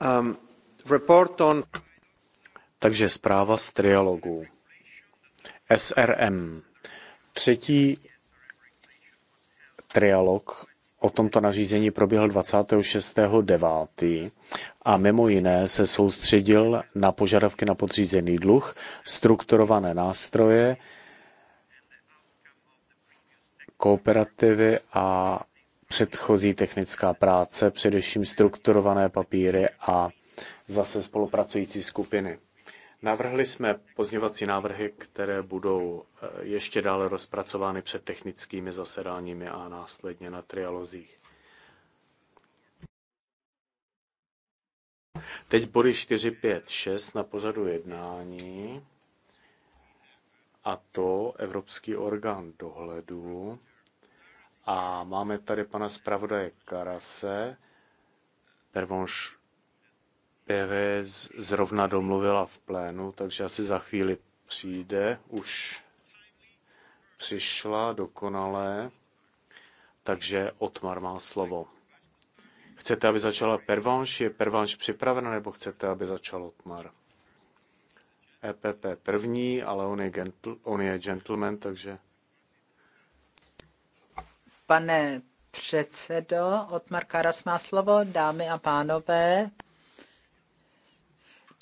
Um, Takže zpráva z trialogu. SRM. Třetí trialog o tomto nařízení proběhl 26.9. a mimo jiné se soustředil na požadavky na podřízený dluh, strukturované nástroje, kooperativy a předchozí technická práce, především strukturované papíry a zase spolupracující skupiny. Navrhli jsme pozněvací návrhy, které budou eh, ještě dále rozpracovány před technickými zasedáními a následně na trialozích. Teď body 4, 5, 6 na pořadu jednání a to Evropský orgán dohledu. A máme tady pana zpravodaje Karase. Pervonš PV zrovna domluvila v plénu, takže asi za chvíli přijde. Už přišla dokonalé, takže Otmar má slovo. Chcete, aby začala Pervanš? Je Pervanš připravena, nebo chcete, aby začal Otmar? EPP první, ale on je, gentl- on je gentleman, takže pane předsedo. Otmar Karas má slovo, dámy a pánové.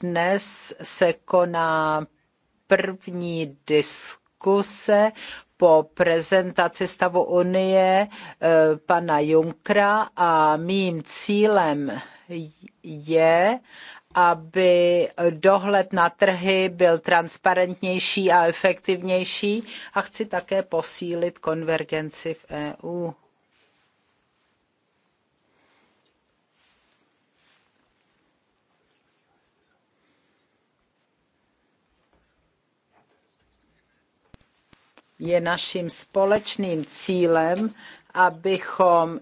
Dnes se koná první diskuse po prezentaci stavu Unie eh, pana Junkra a mým cílem je, aby dohled na trhy byl transparentnější a efektivnější a chci také posílit konvergenci v EU. Je naším společným cílem, abychom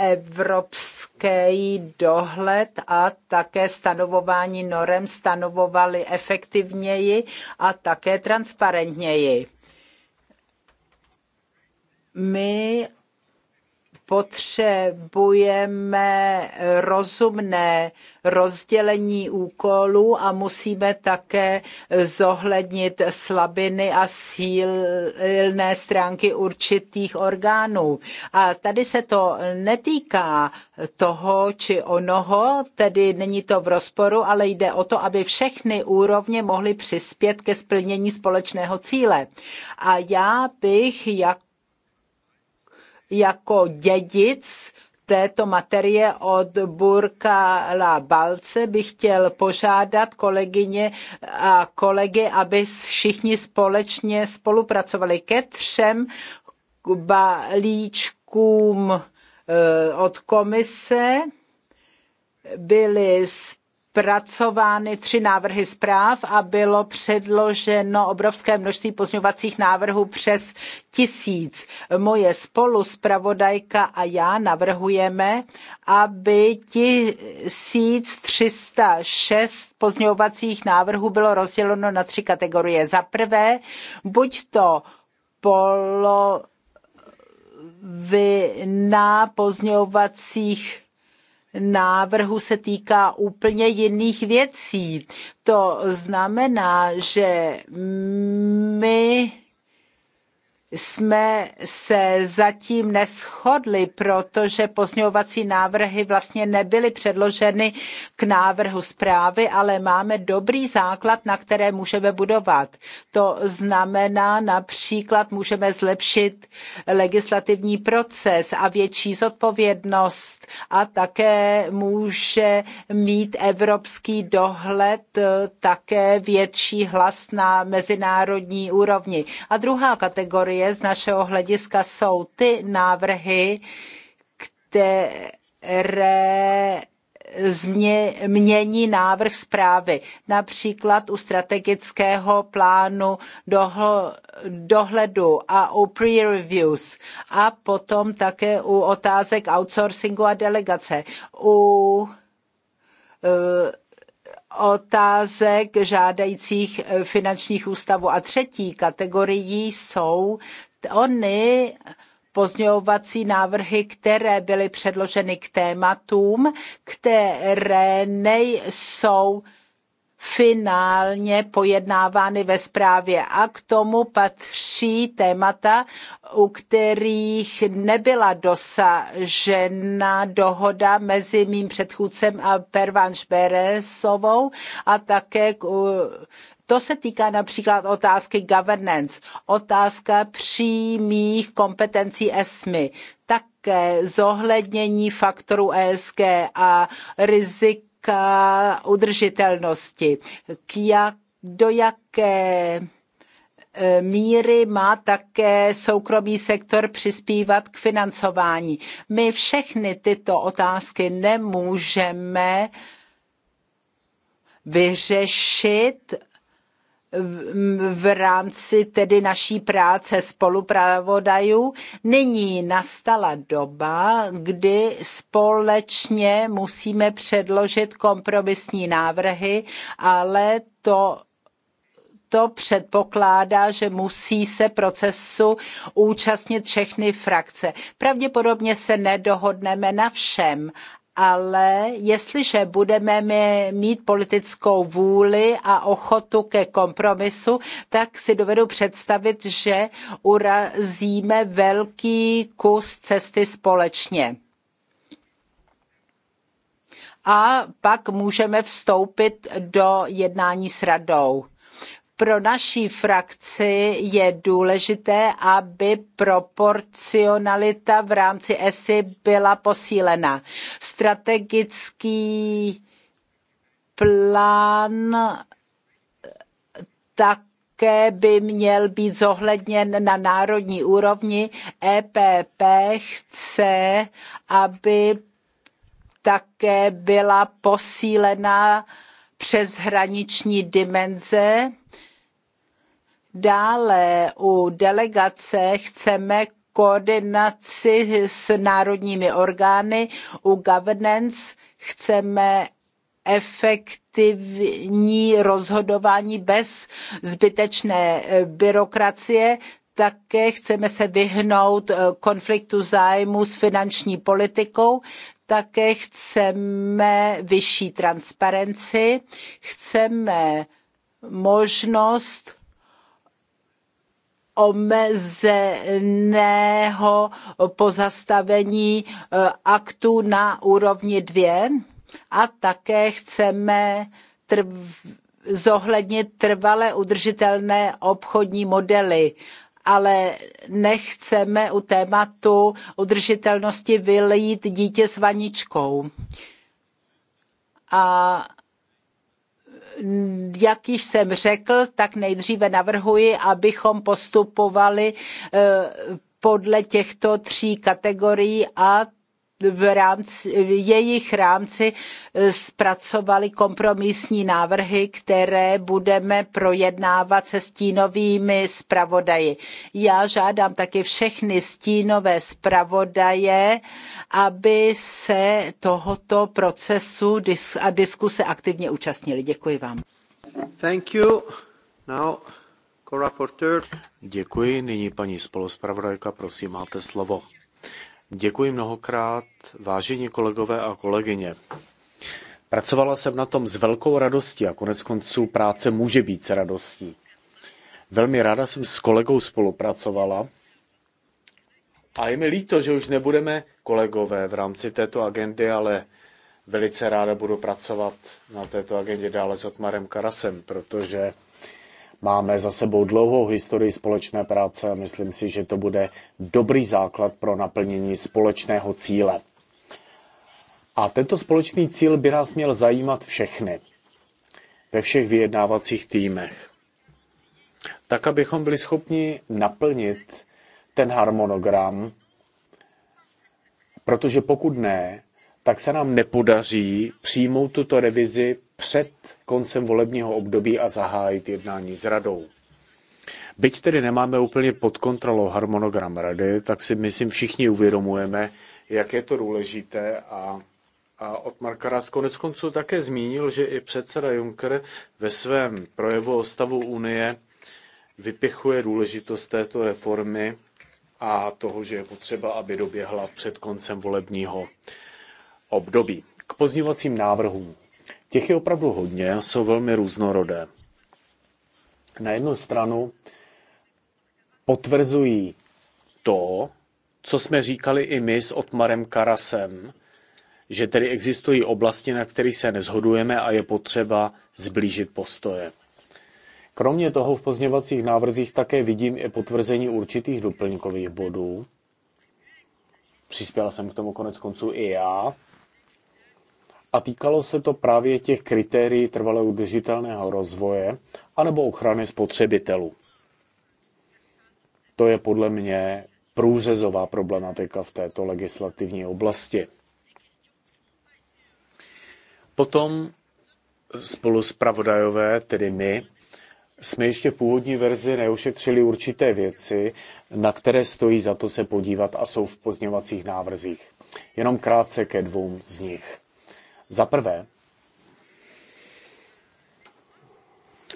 evropský dohled a také stanovování norem stanovovali efektivněji a také transparentněji. My potřebujeme rozumné rozdělení úkolů a musíme také zohlednit slabiny a silné stránky určitých orgánů. A tady se to netýká toho či onoho, tedy není to v rozporu, ale jde o to, aby všechny úrovně mohly přispět ke splnění společného cíle. A já bych jako jako dědic této materie od Burka La Balce bych chtěl požádat kolegyně a kolegy, aby všichni společně spolupracovali ke třem balíčkům eh, od komise byly z zpracovány tři návrhy zpráv a bylo předloženo obrovské množství pozměňovacích návrhů přes tisíc. Moje spolu zpravodajka a já navrhujeme, aby 1306 pozměňovacích návrhů bylo rozděleno na tři kategorie. Za prvé, buď to polovina pozměňovacích návrhu se týká úplně jiných věcí. To znamená, že my jsme se zatím neschodli, protože pozměňovací návrhy vlastně nebyly předloženy k návrhu zprávy, ale máme dobrý základ, na které můžeme budovat. To znamená například můžeme zlepšit legislativní proces a větší zodpovědnost a také může mít evropský dohled eh, také větší hlas na mezinárodní úrovni. A druhá kategorie je z našeho hlediska, jsou ty návrhy, které mění návrh zprávy, například u strategického plánu dohl, dohledu a u pre-reviews a potom také u otázek outsourcingu a delegace. U eh, otázek žádajících eh, finančních ústavů. A třetí kategorií jsou ony pozňovací návrhy, které byly předloženy k tématům, které nejsou finálně pojednávány ve zprávě. A k tomu patří témata, u kterých nebyla dosažena dohoda mezi mým předchůdcem a Pervanš Beresovou a také k, to se týká například otázky governance, otázka přímých kompetencí ESMI, také zohlednění faktorů ESG a rizik k udržitelnosti. K jak, do jaké e, míry má také soukromý sektor přispívat k financování. My všechny tyto otázky nemůžeme vyřešit v rámci tedy naší práce spolupravodajů nyní nastala doba, kdy společně musíme předložit kompromisní návrhy, ale to to předpokládá, že musí se procesu účastnit všechny frakce. Pravděpodobně se nedohodneme na všem, ale jestliže budeme mít politickou vůli a ochotu ke kompromisu, tak si dovedu představit, že urazíme velký kus cesty společně. A pak můžeme vstoupit do jednání s radou pro naší frakci je důležité, aby proporcionalita v rámci ESI byla posílena. Strategický plán také by měl být zohledněn na národní úrovni. EPP chce, aby také byla posílena přeshraniční dimenze Dále u delegace chceme koordinaci s národními orgány, u governance chceme efektivní rozhodování bez zbytečné eh, byrokracie, také chceme se vyhnout eh, konfliktu zájmu s finanční politikou, také chceme vyšší transparenci, chceme možnost omezeného pozastavení eh, aktu na úrovni 2 a také chceme trv, zohlednit trvale udržitelné obchodní modely ale nechceme u tématu udržitelnosti vylít dítě s vaničkou. A jak již jsem řekl, tak nejdříve navrhuji, abychom postupovali eh, podle těchto tří kategorií a v, rámci, v jejich rámci eh, zpracovali kompromisní návrhy, které budeme projednávat se stínovými zpravodaji. Já žádám také všechny stínové zpravodaje, aby se tohoto procesu a diskuse aktivně účastnili. Děkuji vám. Thank you. Now, Děkuji. Nyní paní spoluspravodajka, prosím, máte slovo. Děkuji mnohokrát, vážení kolegové a kolegyně. Pracovala jsem na tom s velkou radostí a konec konců práce může být s radostí. Velmi ráda jsem s kolegou spolupracovala a je mi líto, že už nebudeme kolegové v rámci této agendy, ale velice ráda budu pracovat na této agendě dále s Otmarem Karasem, protože Máme za sebou dlouhou historii společné práce a myslím si, že to bude dobrý základ pro naplnění společného cíle. A tento společný cíl by nás měl zajímat všechny ve všech vyjednávacích týmech. Tak, abychom byli schopni naplnit ten harmonogram, protože pokud ne, tak se nám nepodaří přijmout tuto revizi před koncem volebního období a zahájit jednání s radou. Byť tedy nemáme úplně pod kontrolou harmonogram rady, tak si myslím všichni uvědomujeme, jak je to důležité a a Marka Karas konec konců také zmínil, že i předseda Juncker ve svém projevu o stavu Unie vypichuje důležitost této reformy a toho, že je potřeba, aby doběhla před koncem volebního období. K pozněvacím návrhům. Těch je opravdu hodně a jsou velmi různorodé. Na jednu stranu potvrzují to, co jsme říkali i my s Otmarem Karasem, že tedy existují oblasti, na kterých se nezhodujeme a je potřeba zblížit postoje. Kromě toho v pozněvacích návrzích také vidím i potvrzení určitých doplňkových bodů. Přispěl jsem k tomu konec konců i já, a týkalo se to právě těch kritérií trvale udržitelného rozvoje anebo ochrany spotřebitelů. To je podle mě průřezová problematika v této legislativní oblasti. Potom spolu s pravodajové, tedy my, jsme ještě v původní verzi neušetřili určité věci, na které stojí za to se podívat a jsou v pozněvacích návrzích. Jenom krátce ke dvou z nich. Za prvé,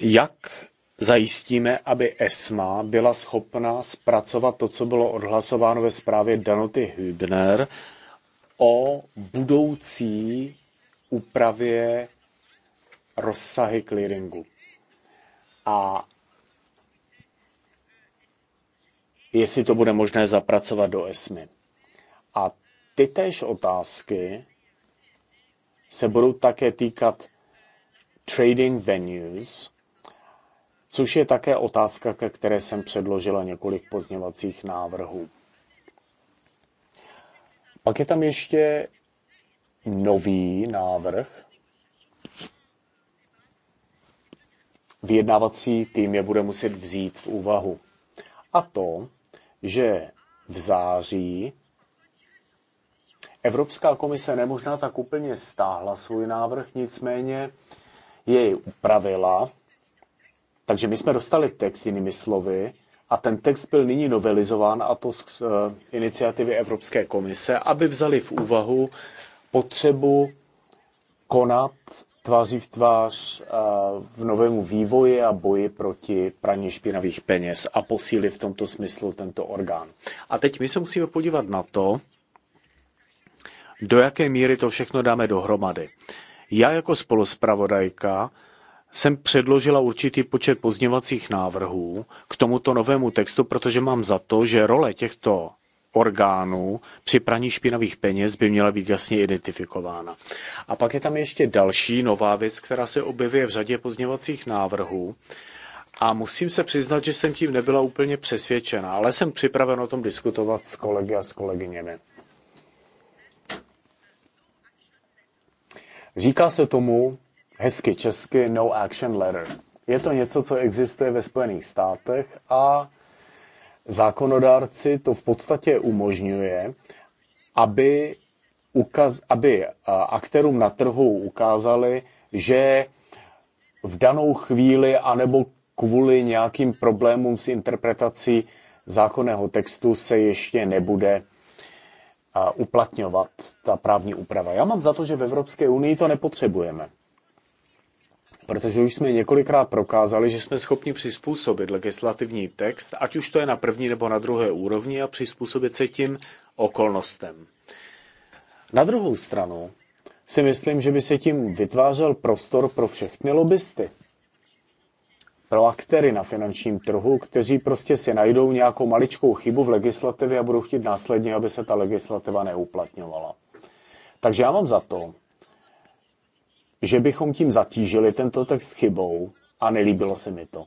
jak zajistíme, aby ESMA byla schopná zpracovat to, co bylo odhlasováno ve zprávě Danoty Hübner o budoucí úpravě rozsahy clearingu. A jestli to bude možné zapracovat do ESMY. A ty též otázky se budou také týkat trading venues, což je také otázka, ke které jsem předložila několik pozněvacích návrhů. Pak je tam ještě nový návrh. Vyjednávací tým je bude muset vzít v úvahu. A to, že v září Evropská komise nemožná tak úplně stáhla svůj návrh, nicméně jej upravila. Takže my jsme dostali text jinými slovy a ten text byl nyní novelizován a to z eh, iniciativy Evropské komise, aby vzali v úvahu potřebu konat tváří v tvář eh, v novému vývoji a boji proti praní špinavých peněz a posílit v tomto smyslu tento orgán. A teď my se musíme podívat na to, do jaké míry to všechno dáme dohromady. Já jako spoluspravodajka jsem předložila určitý počet pozněvacích návrhů k tomuto novému textu, protože mám za to, že role těchto orgánů při praní špinavých peněz by měla být jasně identifikována. A pak je tam ještě další nová věc, která se objevuje v řadě pozněvacích návrhů. A musím se přiznat, že jsem tím nebyla úplně přesvědčena, ale jsem připraven o tom diskutovat s kolegy a s kolegyněmi. Říká se tomu hezky česky no action letter. Je to něco, co existuje ve Spojených státech a zákonodárci to v podstatě umožňuje, aby, ukaz, aby eh, aktérům na trhu ukázali, že v danou chvíli anebo kvůli nějakým problémům s interpretací zákonného textu se ještě nebude uplatňovat ta právní úprava. Já mám za to, že v Evropské unii to nepotřebujeme. Protože už jsme několikrát prokázali, že jsme schopni přizpůsobit legislativní text, ať už to je na první nebo na druhé úrovni, a přizpůsobit se tím okolnostem. Na druhou stranu si myslím, že by se tím vytvářel prostor pro všechny lobbysty pro aktéry na finančním trhu, kteří prostě si najdou nějakou maličkou chybu v legislativě a budou chtít následně, aby se ta legislativa neuplatňovala. Takže já mám za to, že bychom tím zatížili tento text chybou a nelíbilo se mi to.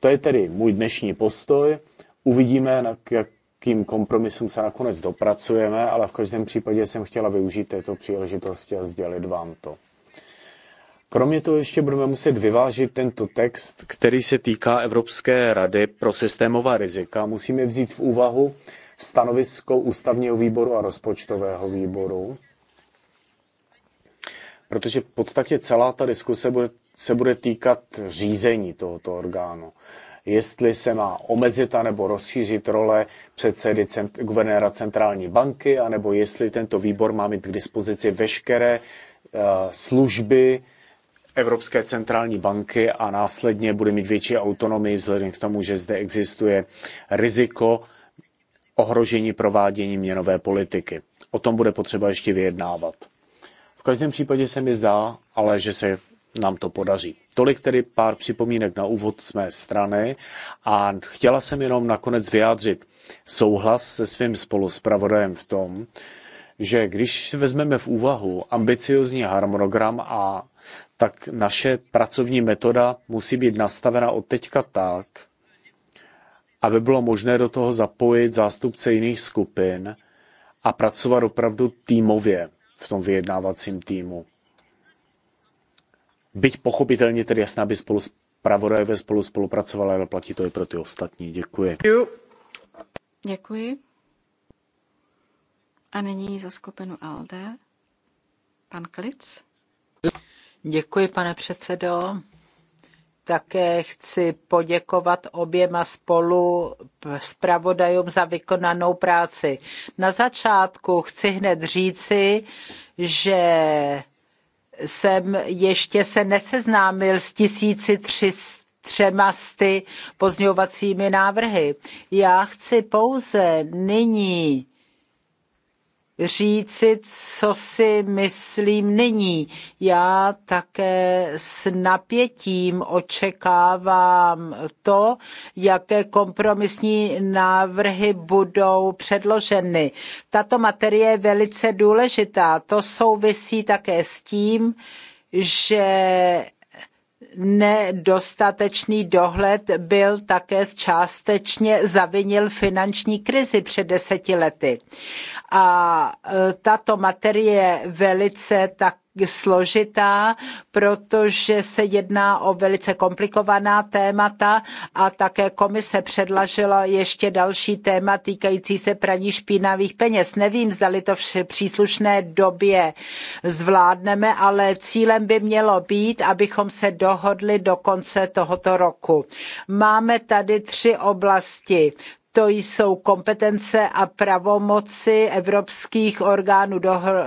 To je tedy můj dnešní postoj. Uvidíme, k jakým kompromisům se nakonec dopracujeme, ale v každém případě jsem chtěla využít této příležitosti a sdělit vám to. Kromě toho ještě budeme muset vyvážit tento text, který se týká Evropské rady pro systémová rizika. Musíme vzít v úvahu stanovisko ústavního výboru a rozpočtového výboru, protože v podstatě celá ta diskuse bude, se bude týkat řízení tohoto orgánu. Jestli se má omezit nebo rozšířit role předsedy cent, guvernéra centrální banky, anebo jestli tento výbor má mít k dispozici veškeré uh, služby, Evropské centrální banky a následně bude mít větší autonomii vzhledem k tomu, že zde existuje riziko ohrožení provádění měnové politiky. O tom bude potřeba ještě vyjednávat. V každém případě se mi zdá, ale že se nám to podaří. Tolik tedy pár připomínek na úvod z mé strany a chtěla jsem jenom nakonec vyjádřit souhlas se svým spoluspravodajem v tom, že když vezmeme v úvahu ambiciozní harmonogram a tak naše pracovní metoda musí být nastavena od teďka tak, aby bylo možné do toho zapojit zástupce jiných skupin a pracovat opravdu týmově v tom vyjednávacím týmu. Byť pochopitelně tedy jasné, aby spolu ve spolu spolupracovala, ale platí to i pro ty ostatní. Děkuji. Děkuji. A nyní za skupinu ALDE pan Klic. Děkuji, pane předsedo. Také chci poděkovat oběma spolu zpravodajům za vykonanou práci. Na začátku chci hned říci, že jsem ještě se neseznámil s 1300 třema sty pozňovacími návrhy. Já chci pouze nyní říci, co si myslím nyní. Já také s napětím očekávám to, jaké kompromisní návrhy budou předloženy. Tato materie je velice důležitá. To souvisí také s tím, že nedostatečný dohled byl také částečně zavinil finanční krizi před deseti lety. A e, tato materie velice tak složitá, protože se jedná o velice komplikovaná témata a také komise předlažila ještě další téma týkající se praní špinavých peněz. Nevím, zdali to v příslušné době zvládneme, ale cílem by mělo být, abychom se dohodli do konce tohoto roku. Máme tady tři oblasti to jsou kompetence a pravomoci evropských orgánů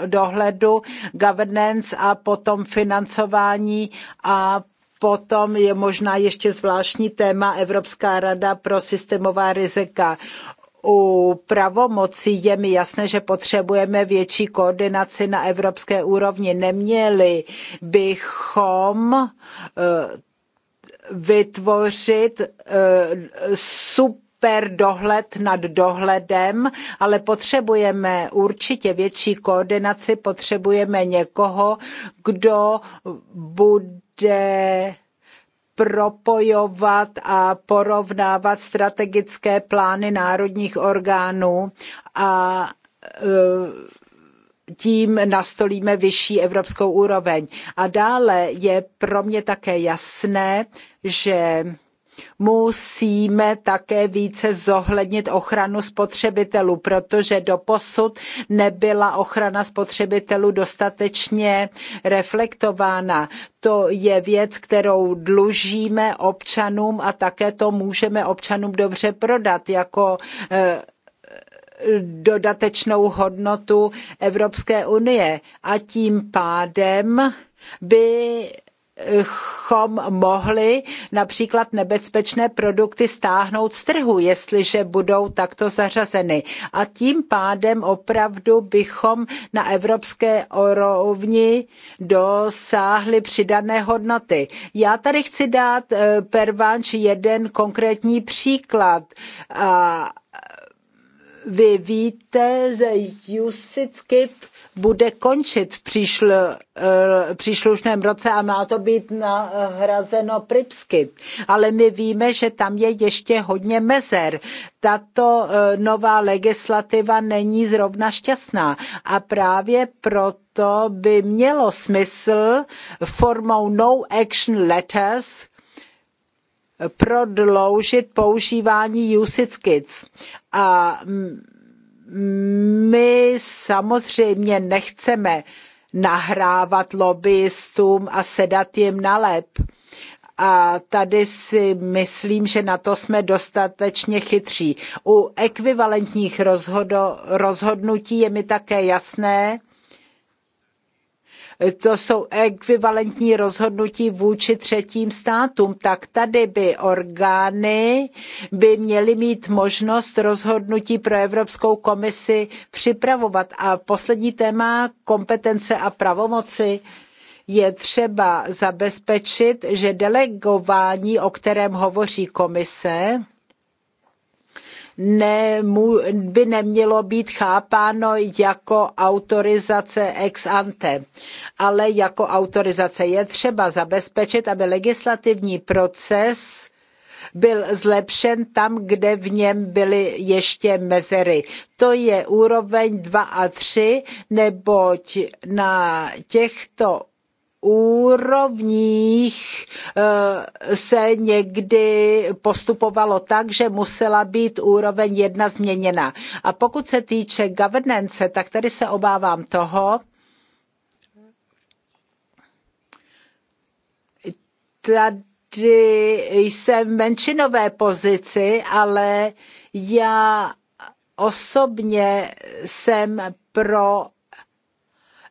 dohledu, governance a potom financování a Potom je možná ještě zvláštní téma Evropská rada pro systémová rizika u pravomocí je mi jasné, že potřebujeme větší koordinaci na evropské úrovni. Neměli bychom eh, vytvořit eh, sub super dohled nad dohledem, ale potřebujeme určitě větší koordinaci, potřebujeme někoho, kdo bude propojovat a porovnávat strategické plány národních orgánů a e, tím nastolíme vyšší evropskou úroveň. A dále je pro mě také jasné, že Musíme také více zohlednit ochranu spotřebitelů, protože doposud nebyla ochrana spotřebitelů dostatečně reflektována. To je věc, kterou dlužíme občanům a také to můžeme občanům dobře prodat jako eh, dodatečnou hodnotu Evropské unie a tím pádem by bychom mohli například nebezpečné produkty stáhnout z trhu, jestliže budou takto zařazeny. A tím pádem opravdu bychom na evropské úrovni dosáhli přidané hodnoty. Já tady chci dát eh, pervanč jeden konkrétní příklad. vy víte, že Usage Kip bude končit v příšl, eh, příslušném roce a má to být nahrazeno Pripsky. Ale my víme, že tam je ještě hodně mezer. Tato eh, nová legislativa není zrovna šťastná a právě proto by mělo smysl formou no action letters prodloužit používání usage kits. A my samozřejmě nechceme nahrávat lobbyistům a sedat jim na lep. A tady si myslím, že na to jsme dostatečně chytří. U ekvivalentních rozhodo, rozhodnutí je mi také jasné, to jsou ekvivalentní rozhodnutí vůči třetím státům, tak tady by orgány by měly mít možnost rozhodnutí pro Evropskou komisi připravovat. A poslední téma kompetence a pravomoci je třeba zabezpečit, že delegování, o kterém hovoří komise, nemu, by nemělo být chápáno jako autorizace ex ante, ale jako autorizace. Je třeba zabezpečit, aby legislativní proces byl zlepšen tam, kde v něm byly ještě mezery. To je úroveň 2 a 3, neboť na těchto úrovních eh, se někdy postupovalo tak, že musela být úroveň jedna změněna. A pokud se týče governance, tak tady se obávám toho, tady jsem v menšinové pozici, ale já osobně jsem pro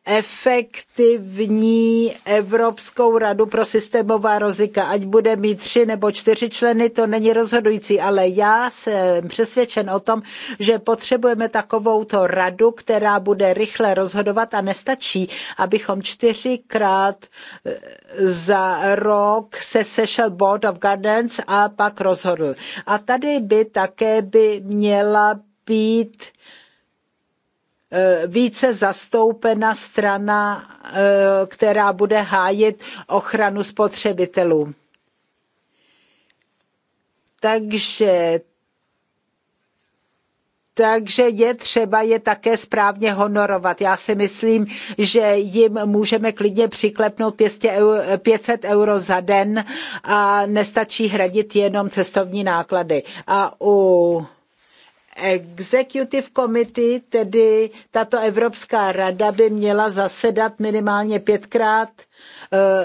efektivní Evropskou radu pro systémová rizika. Ať bude mít tři nebo čtyři členy, to není rozhodující, ale já jsem přesvědčen o tom, že potřebujeme takovouto radu, která bude rychle rozhodovat a nestačí, abychom čtyřikrát eh, za rok se sešel Board of Governance a pak rozhodl. A tady by také by měla být E, více zastoupena strana, e, která bude hájit ochranu spotřebitelů. Takže takže je třeba je také správně honorovat. Já si myslím, že jim můžeme klidně přiklepnout 500 euro za den a nestačí hradit jenom cestovní náklady. A u Executive Committee, tedy tato Evropská rada by měla zasedat minimálně pětkrát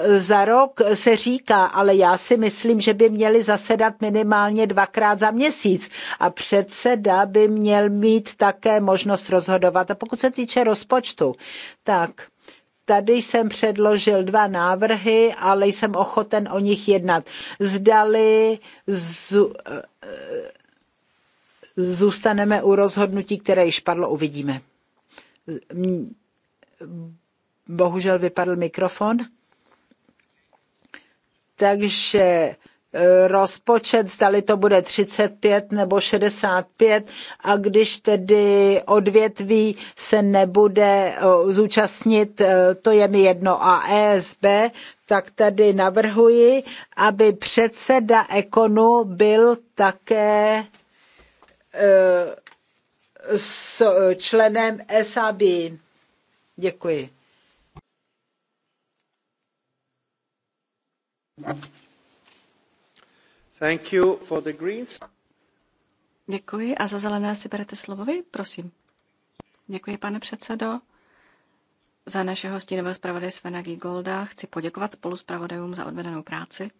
eh, za rok, se říká, ale já si myslím, že by měli zasedat minimálně dvakrát za měsíc a předseda by měl mít také možnost rozhodovat. A pokud se týče rozpočtu, tak Tady jsem předložil dva návrhy, ale jsem ochoten o nich jednat. Zdali z, zůstaneme u rozhodnutí, které již padlo, uvidíme. Bohužel vypadl mikrofon. Takže e, rozpočet, zdali to bude 35 nebo 65 a když tedy odvětví se nebude e, zúčastnit, e, to je mi jedno, a ESB, tak tady navrhuji, aby předseda Ekonu byl také Eh, s eh, členem SAB. Děkuji. Thank you for the greens. Děkuji a za zelené si berete slovo vy, prosím. Děkuji, pane předsedo. Za našeho stínového zpravodaje Svena Gigolda chci poděkovat spolu zpravodajům za odvedenou práci.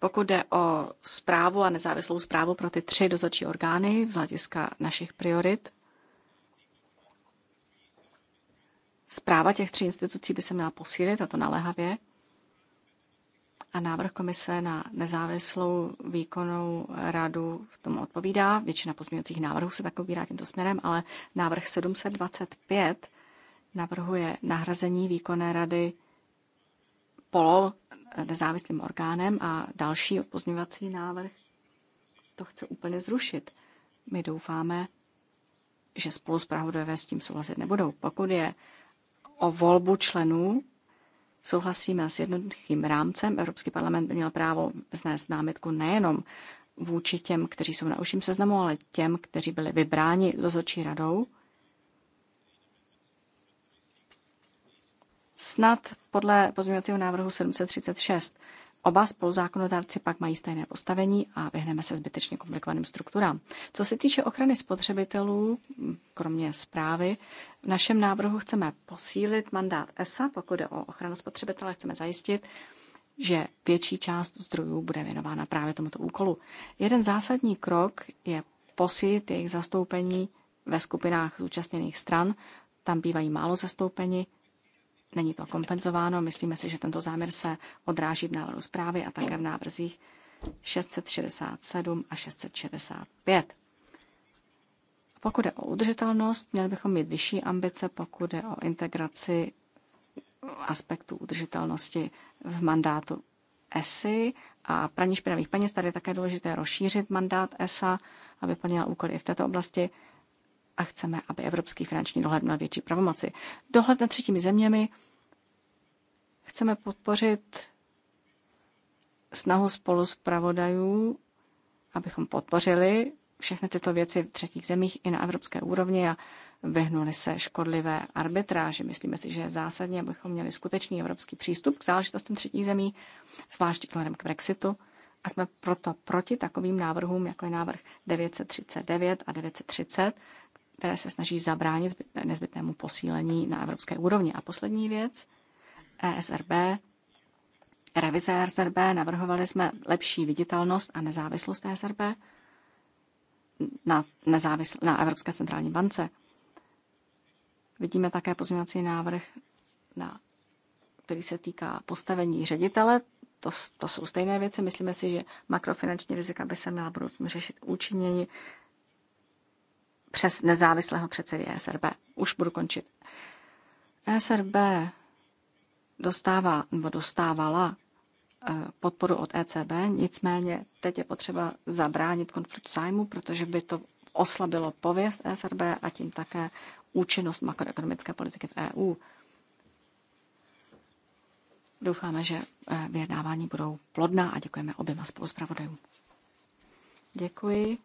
Pokud jde o zprávu a nezávislou zprávu pro ty tři dozorčí orgány z hlediska našich priorit, Zpráva těch tří institucí by se měla posílit, a to naléhavě. A návrh komise na nezávislou výkonnou radu v tom odpovídá. Většina pozměňovacích návrhů se tak ubírá tímto směrem, ale návrh 725 navrhuje nahrazení výkonné rady polo eh, nezávislým orgánem a další pozměňovací návrh to chce úplně zrušit. My doufáme, že spolu s s tím souhlasit nebudou. Pokud je o volbu členů, souhlasíme s jednoduchým rámcem. Evropský parlament by měl právo vznést námitku nejenom vůči těm, kteří jsou na uším seznamu, ale těm, kteří byli vybráni dozorčí radou snad podle pozměňovacího návrhu 736. Oba spoluzákonodárci pak mají stejné postavení a vyhneme se zbytečně komplikovaným strukturám. Co se týče ochrany spotřebitelů, kromě zprávy, v našem návrhu chceme posílit mandát ESA, pokud jde o ochranu spotřebitele, chceme zajistit, že větší část zdrojů bude věnována právě tomuto úkolu. Jeden zásadní krok je posílit jejich zastoupení ve skupinách zúčastněných stran. Tam bývají málo zastoupeni, Není to kompenzováno, myslíme si, že tento záměr se odráží v návrhu zprávy a také v návrzích 667 a 665. Pokud je o udržitelnost, měli bychom mít vyšší ambice, pokud je o integraci aspektů udržitelnosti v mandátu ESI a praní špinavých peněz. Tady je také důležité rozšířit mandát ESA, aby plnila úkoly i v této oblasti a chceme, aby evropský finanční dohled měl větší pravomoci. Dohled nad třetími zeměmi chceme podpořit snahu spolu s pravodajů, abychom podpořili všechny tyto věci v třetích zemích i na evropské úrovni a vyhnuli se škodlivé arbitráži. Myslíme si, že zásadně bychom abychom měli skutečný evropský přístup k záležitostem třetích zemí, zvláště vzhledem k Brexitu. A jsme proto proti takovým návrhům, jako je návrh 939 a 930, které se snaží zabránit nezbytnému posílení na evropské úrovni. A poslední věc, ESRB, revize ESRB, navrhovali jsme lepší viditelnost a nezávislost ESRB na, nezávisl, na Evropské centrální bance. Vidíme také pozměňovací návrh, na, který se týká postavení ředitele. To, to jsou stejné věci. Myslíme si, že makrofinanční rizika by se měla budoucnu řešit účinněji přes nezávislého předsedy ESRB. Už budu končit. ESRB dostává nebo dostávala eh, podporu od ECB, nicméně teď je potřeba zabránit konfliktu zájmu, protože by to oslabilo pověst ESRB a tím také účinnost makroekonomické politiky v EU. Doufáme, že eh, vyjednávání budou plodná a děkujeme oběma spoluzpravodajům. Děkuji.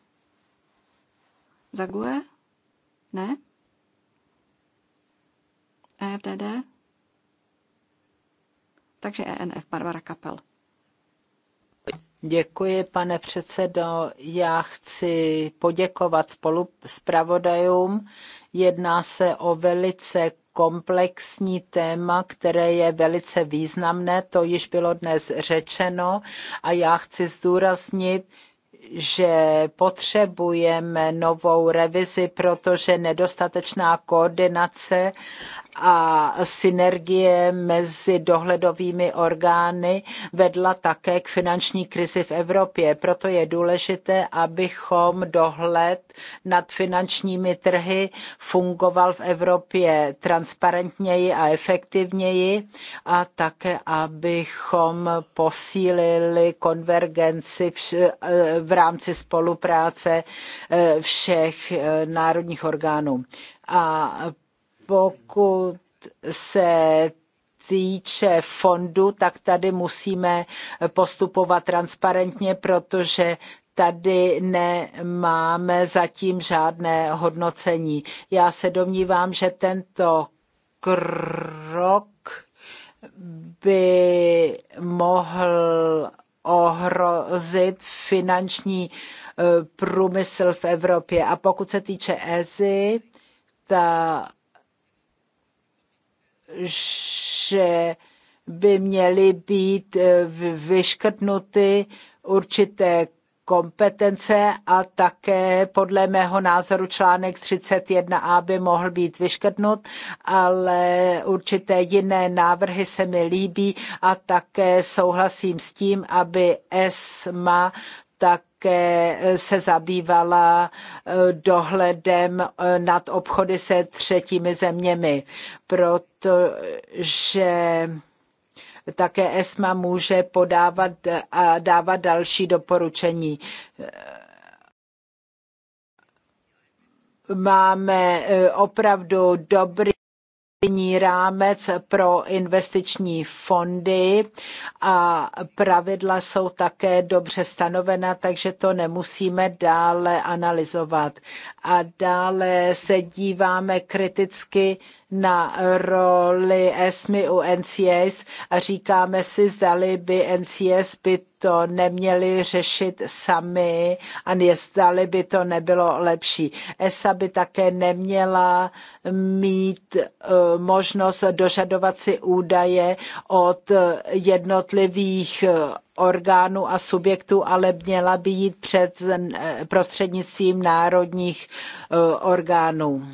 Zague? Ne? EFDD? Takže ENF Barbara Kapel. Děkuji, pane předsedo. Já chci poděkovat spolu zpravodajům. Jedná se o velice komplexní téma, které je velice významné, to již bylo dnes řečeno a já chci zdůraznit, že potřebujeme novou revizi, protože nedostatečná koordinace a synergie mezi dohledovými orgány vedla také k finanční krizi v Evropě. Proto je důležité, abychom dohled nad finančními trhy fungoval v Evropě transparentněji a efektivněji a také, abychom posílili konvergenci eh, v rámci spolupráce eh, všech eh, národních orgánů. A pokud se týče fondu, tak tady musíme postupovat transparentně, protože tady nemáme zatím žádné hodnocení. Já se domnívám, že tento krok by mohl ohrozit finanční eh, průmysl v Evropě. A pokud se týče EZI, ta že by měly být eh, vyškrtnuty určité kompetence a také podle mého názoru článek 31a by mohl být vyškrtnut, ale určité jiné návrhy se mi líbí a také souhlasím s tím, aby ESMA tak také eh, se zabývala eh, dohledem eh, nad obchody se třetími zeměmi, protože také ESMA může podávat a dávat další doporučení. Máme opravdu dobrý právní rámec pro investiční fondy a pravidla jsou také dobře stanovena, takže to nemusíme dále analyzovat. A dále se díváme kriticky na roli ESMI u NCS a říkáme si, zdali by NCS by to neměli řešit sami a zdali by to nebylo lepší. ESA by také neměla mít e, možnost dožadovat si údaje od jednotlivých e, orgánů a subjektů, ale měla by jít před e, prostřednictvím národních orgánů.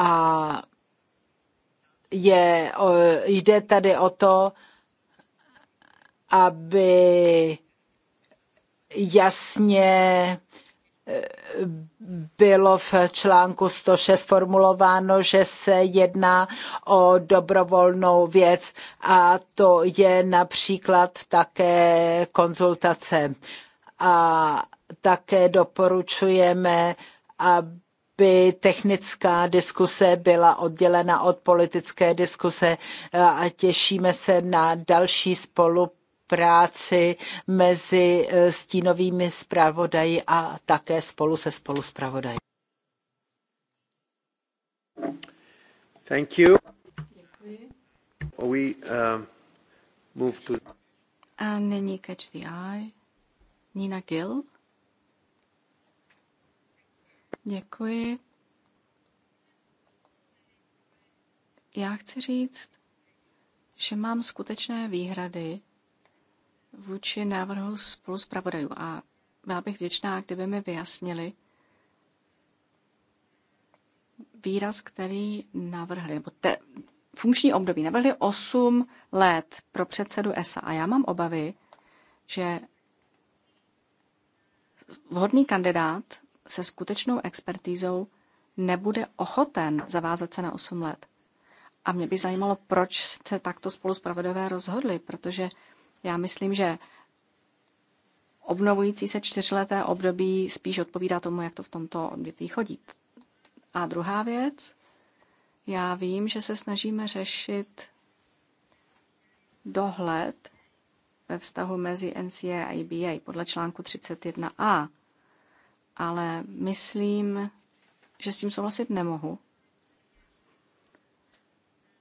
A je, jde tady o to, aby jasně e, bylo v článku 106 formulováno, že se jedná o dobrovolnou věc a to je například také konzultace. A také doporučujeme, aby aby technická diskuse byla oddělena od politické diskuse eh, a těšíme se na další spolupráci mezi eh, stínovými zpravodaji a také spolu se spoluspravodaji. Thank you. Děkuji. We uh, move to... A nyní catch the eye. Nina Gill. Děkuji. Já chci říct, že mám skutečné výhrady vůči návrhu spolu zpravodajů a byla bych věčná, kdyby mi vyjasnili výraz, který navrhli, nebo te, funkční období. Navrhli 8 let pro předsedu ESA a já mám obavy, že vhodný kandidát se skutečnou expertízou nebude ochoten zavázat se na 8 let. A mě by zajímalo, proč se takto spolu spravedové rozhodli, protože já myslím, že obnovující se čtyřleté období spíš odpovídá tomu, jak to v tomto odvětví chodí. A druhá věc, já vím, že se snažíme řešit dohled ve vztahu mezi NCA a EBA podle článku 31a ale myslím, že s tím souhlasit nemohu.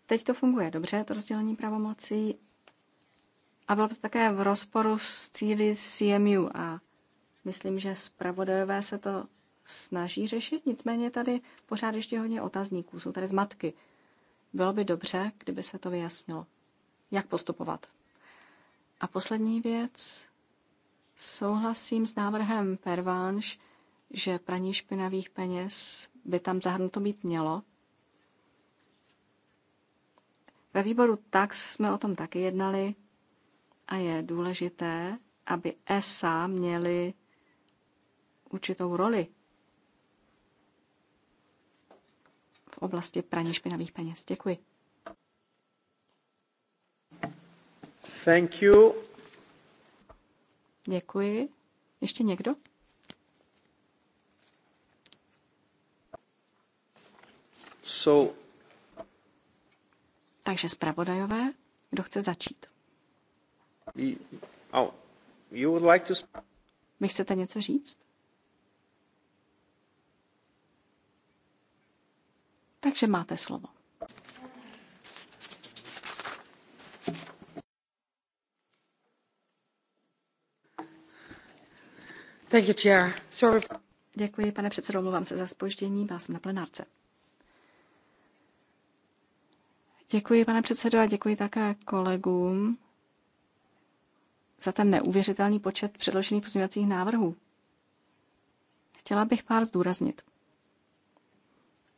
Teď to funguje dobře, to rozdělení pravomocí, a bylo to také v rozporu s cíly CMU a myslím, že zpravodajové se to snaží řešit, nicméně tady pořád ještě hodně otazníků, jsou tady zmatky. Bylo by dobře, kdyby se to vyjasnilo, jak postupovat. A poslední věc, souhlasím s návrhem Pervánš, že praní špinavých peněz by tam zahrnuto být mělo. Ve výboru TAX jsme o tom taky jednali a je důležité, aby ESA měli určitou roli v oblasti praní špinavých peněz. Děkuji. Thank you. Děkuji. Ještě někdo? So... Takže zpravodajové, kdo chce začít? You, oh, you would like to... Vy chcete něco říct? Takže máte slovo. Thank you, Chair. Sorry. Děkuji, pane předsedo, mluvám se za spoždění, vás jsem na plenárce. Děkuji, pane předsedo, a děkuji také kolegům za ten neuvěřitelný počet předložených pozměňovacích návrhů. Chtěla bych pár zdůraznit.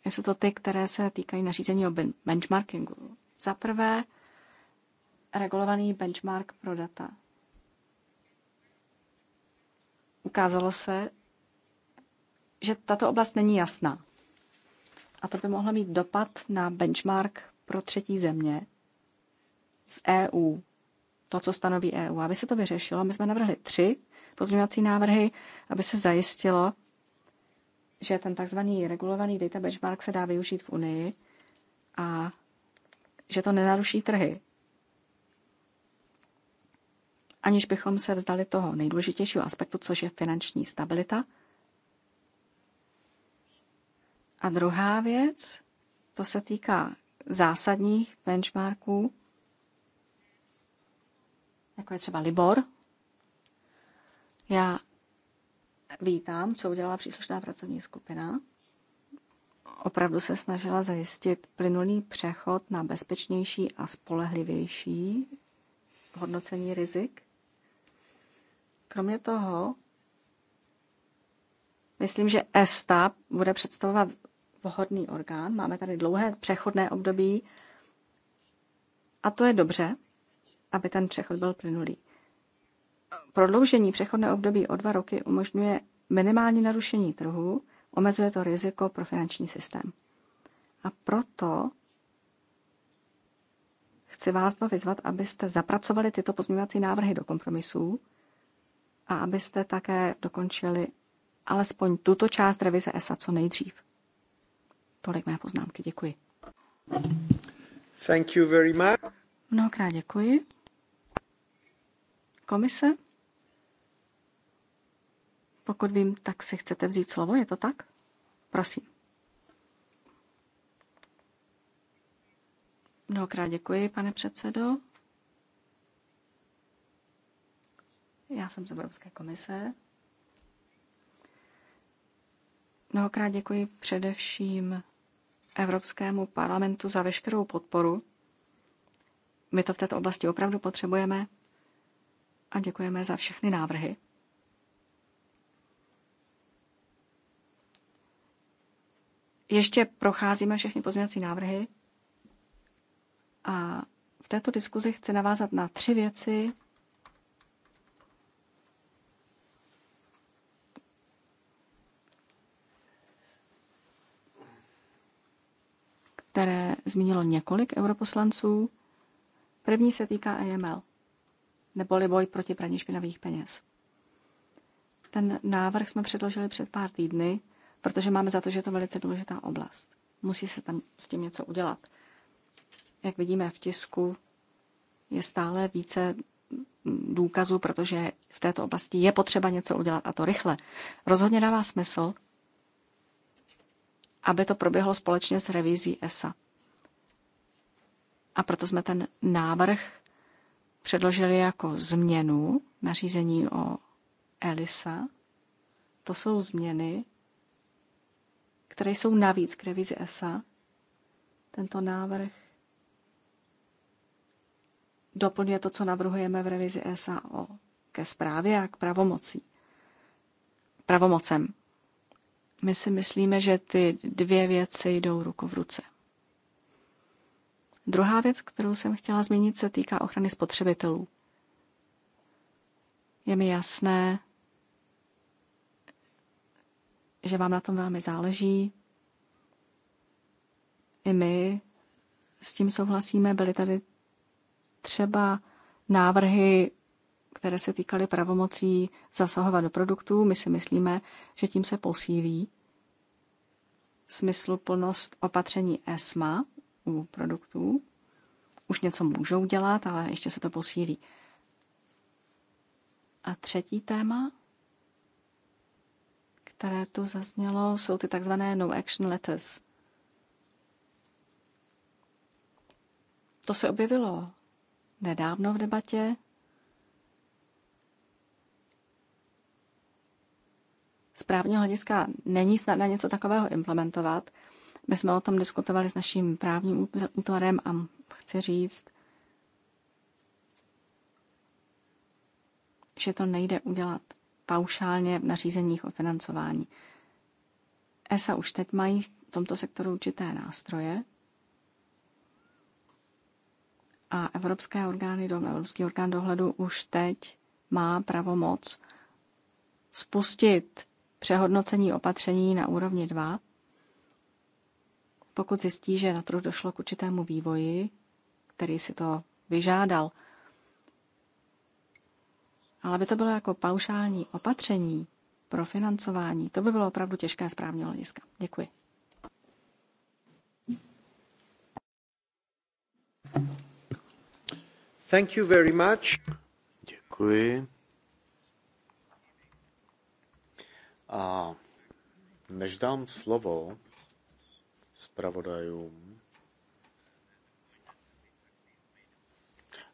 Jsou to ty, které se týkají nařízení o benchmarkingu. Za prvé, regulovaný benchmark pro data. Ukázalo se, že tato oblast není jasná. A to by mohlo mít dopad na benchmark pro třetí země z EU, to, co stanoví EU, aby se to vyřešilo. My jsme navrhli tři pozměňovací návrhy, aby se zajistilo, že ten takzvaný regulovaný data benchmark se dá využít v Unii a že to nenaruší trhy. Aniž bychom se vzdali toho nejdůležitějšího aspektu, což je finanční stabilita. A druhá věc, to se týká zásadních benchmarků, jako je třeba Libor. Já vítám, co udělala příslušná pracovní skupina. Opravdu se snažila zajistit plynulý přechod na bezpečnější a spolehlivější hodnocení rizik. Kromě toho, myslím, že ESTA bude představovat vhodný orgán. Máme tady dlouhé přechodné období a to je dobře, aby ten přechod byl plynulý. Prodloužení přechodné období o dva roky umožňuje minimální narušení trhu, omezuje to riziko pro finanční systém. A proto chci vás dva vyzvat, abyste zapracovali tyto pozměňovací návrhy do kompromisů a abyste také dokončili alespoň tuto část revize ESA co nejdřív. Tolik mé poznámky. Děkuji. Thank you very much. Mnohokrát děkuji. Komise? Pokud vím, tak si chcete vzít slovo, je to tak? Prosím. Mnohokrát děkuji, pane předsedo. Já jsem z Evropské komise. Mnohokrát děkuji především Evropskému parlamentu za veškerou podporu. My to v této oblasti opravdu potřebujeme a děkujeme za všechny návrhy. Ještě procházíme všechny pozměňovací návrhy a v této diskuzi chci navázat na tři věci, které zmínilo několik europoslanců. První se týká AML, neboli boj proti praní špinavých peněz. Ten návrh jsme předložili před pár týdny, protože máme za to, že je to velice důležitá oblast. Musí se tam s tím něco udělat. Jak vidíme v tisku, je stále více důkazů, protože v této oblasti je potřeba něco udělat a to rychle. Rozhodně dává smysl, aby to proběhlo společně s revizí ESA. A proto jsme ten návrh předložili jako změnu nařízení o ELISA. To jsou změny, které jsou navíc k revizi ESA. Tento návrh doplňuje to, co navrhujeme v revizi ESA o, ke zprávě a k pravomocí. pravomocem. My si myslíme, že ty dvě věci jdou ruku v ruce. Druhá věc, kterou jsem chtěla zmínit, se týká ochrany spotřebitelů. Je mi jasné, že vám na tom velmi záleží. I my s tím souhlasíme. Byly tady třeba návrhy které se týkaly pravomocí zasahovat do produktů. My si myslíme, že tím se posílí smysluplnost opatření ESMA u produktů. Už něco můžou dělat, ale ještě se to posílí. A třetí téma, které tu zaznělo, jsou ty takzvané no action letters. To se objevilo nedávno v debatě. Z právního hlediska není snadné něco takového implementovat. My jsme o tom diskutovali s naším právním útvarem a chci říct, že to nejde udělat paušálně v nařízeních o financování. ESA už teď mají v tomto sektoru určité nástroje a evropské orgány, evropský orgán dohledu už teď má pravomoc spustit přehodnocení opatření na úrovni 2, pokud zjistí, že na trhu došlo k určitému vývoji, který si to vyžádal. Ale by to bylo jako paušální opatření pro financování, to by bylo opravdu těžké z právního hlediska. Děkuji. Thank you very much. Děkuji. A než dám slovo zpravodajům,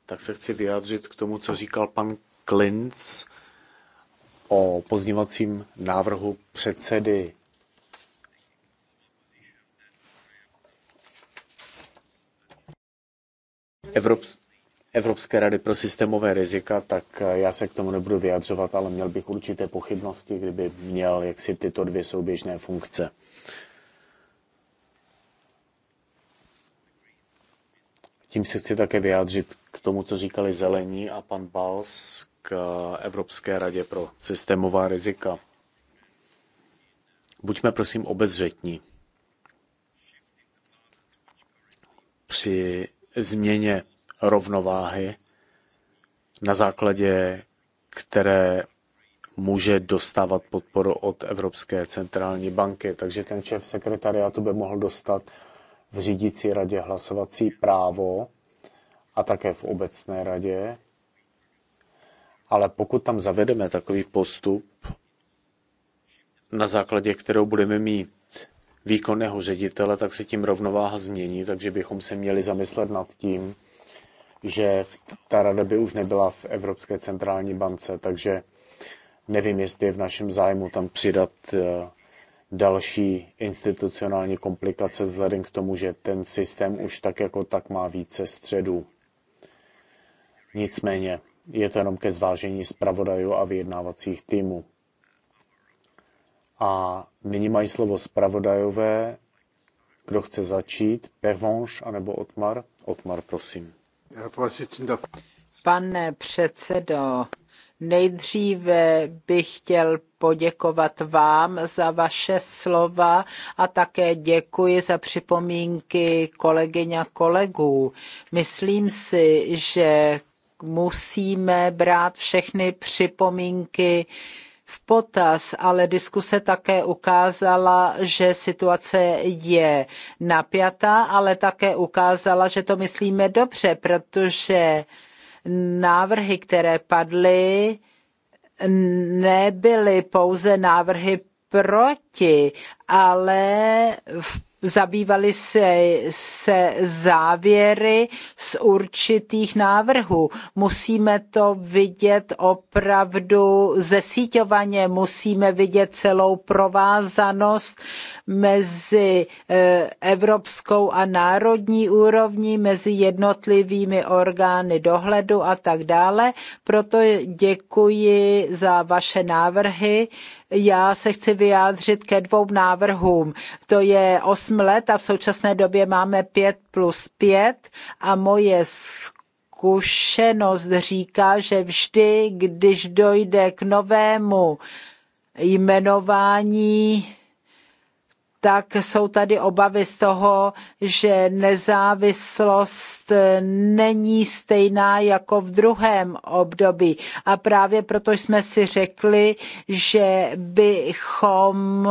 tak se chci vyjádřit k tomu, co říkal pan Klinc o pozněvacím návrhu předsedy Evropské Evropské rady pro systémové rizika, tak eh, já se k tomu nebudu vyjadřovat, ale měl bych určité pochybnosti, kdyby měl jaksi tyto dvě souběžné funkce. Tím se chci také vyjádřit k tomu, co říkali zelení a pan Bals k Evropské radě pro systémová rizika. Buďme prosím obezřetní. Při změně rovnováhy, na základě které může dostávat podporu od Evropské centrální banky. Takže ten šéf sekretariátu by mohl dostat v řídící radě hlasovací právo a také v obecné radě. Ale pokud tam zavedeme takový postup, na základě kterého budeme mít výkonného ředitele, tak se tím rovnováha změní, takže bychom se měli zamyslet nad tím, že ta rada by už nebyla v Evropské centrální bance, takže nevím, jestli je v našem zájmu tam přidat eh, další institucionální komplikace vzhledem k tomu, že ten systém už tak jako tak má více středů. Nicméně je to jenom ke zvážení zpravodajů a vyjednávacích týmů. A nyní mají slovo zpravodajové, kdo chce začít, Pervenche anebo Otmar. Otmar, prosím. Pane předsedo, Nejdříve bych chtěl poděkovat vám za vaše slova a také děkuji za připomínky kolegyň a kolegů. Myslím si, že musíme brát všechny připomínky v potaz, ale diskuse také ukázala, že situace je napjatá, ale také ukázala, že to myslíme dobře, protože návrhy, které padly, nebyly pouze návrhy proti, ale v zabývali se, se závěry z určitých návrhů. Musíme to vidět opravdu zesíťovaně, musíme vidět celou provázanost mezi eh, evropskou a národní úrovní, mezi jednotlivými orgány dohledu a tak dále. Proto děkuji za vaše návrhy já se chci vyjádřit ke dvou návrhům. To je 8 let a v současné době máme 5 plus 5 a moje zkušenost říká, že vždy, když dojde k novému jmenování, tak jsou tady obavy z toho, že nezávislost není stejná jako v druhém období. A právě proto jsme si řekli, že bychom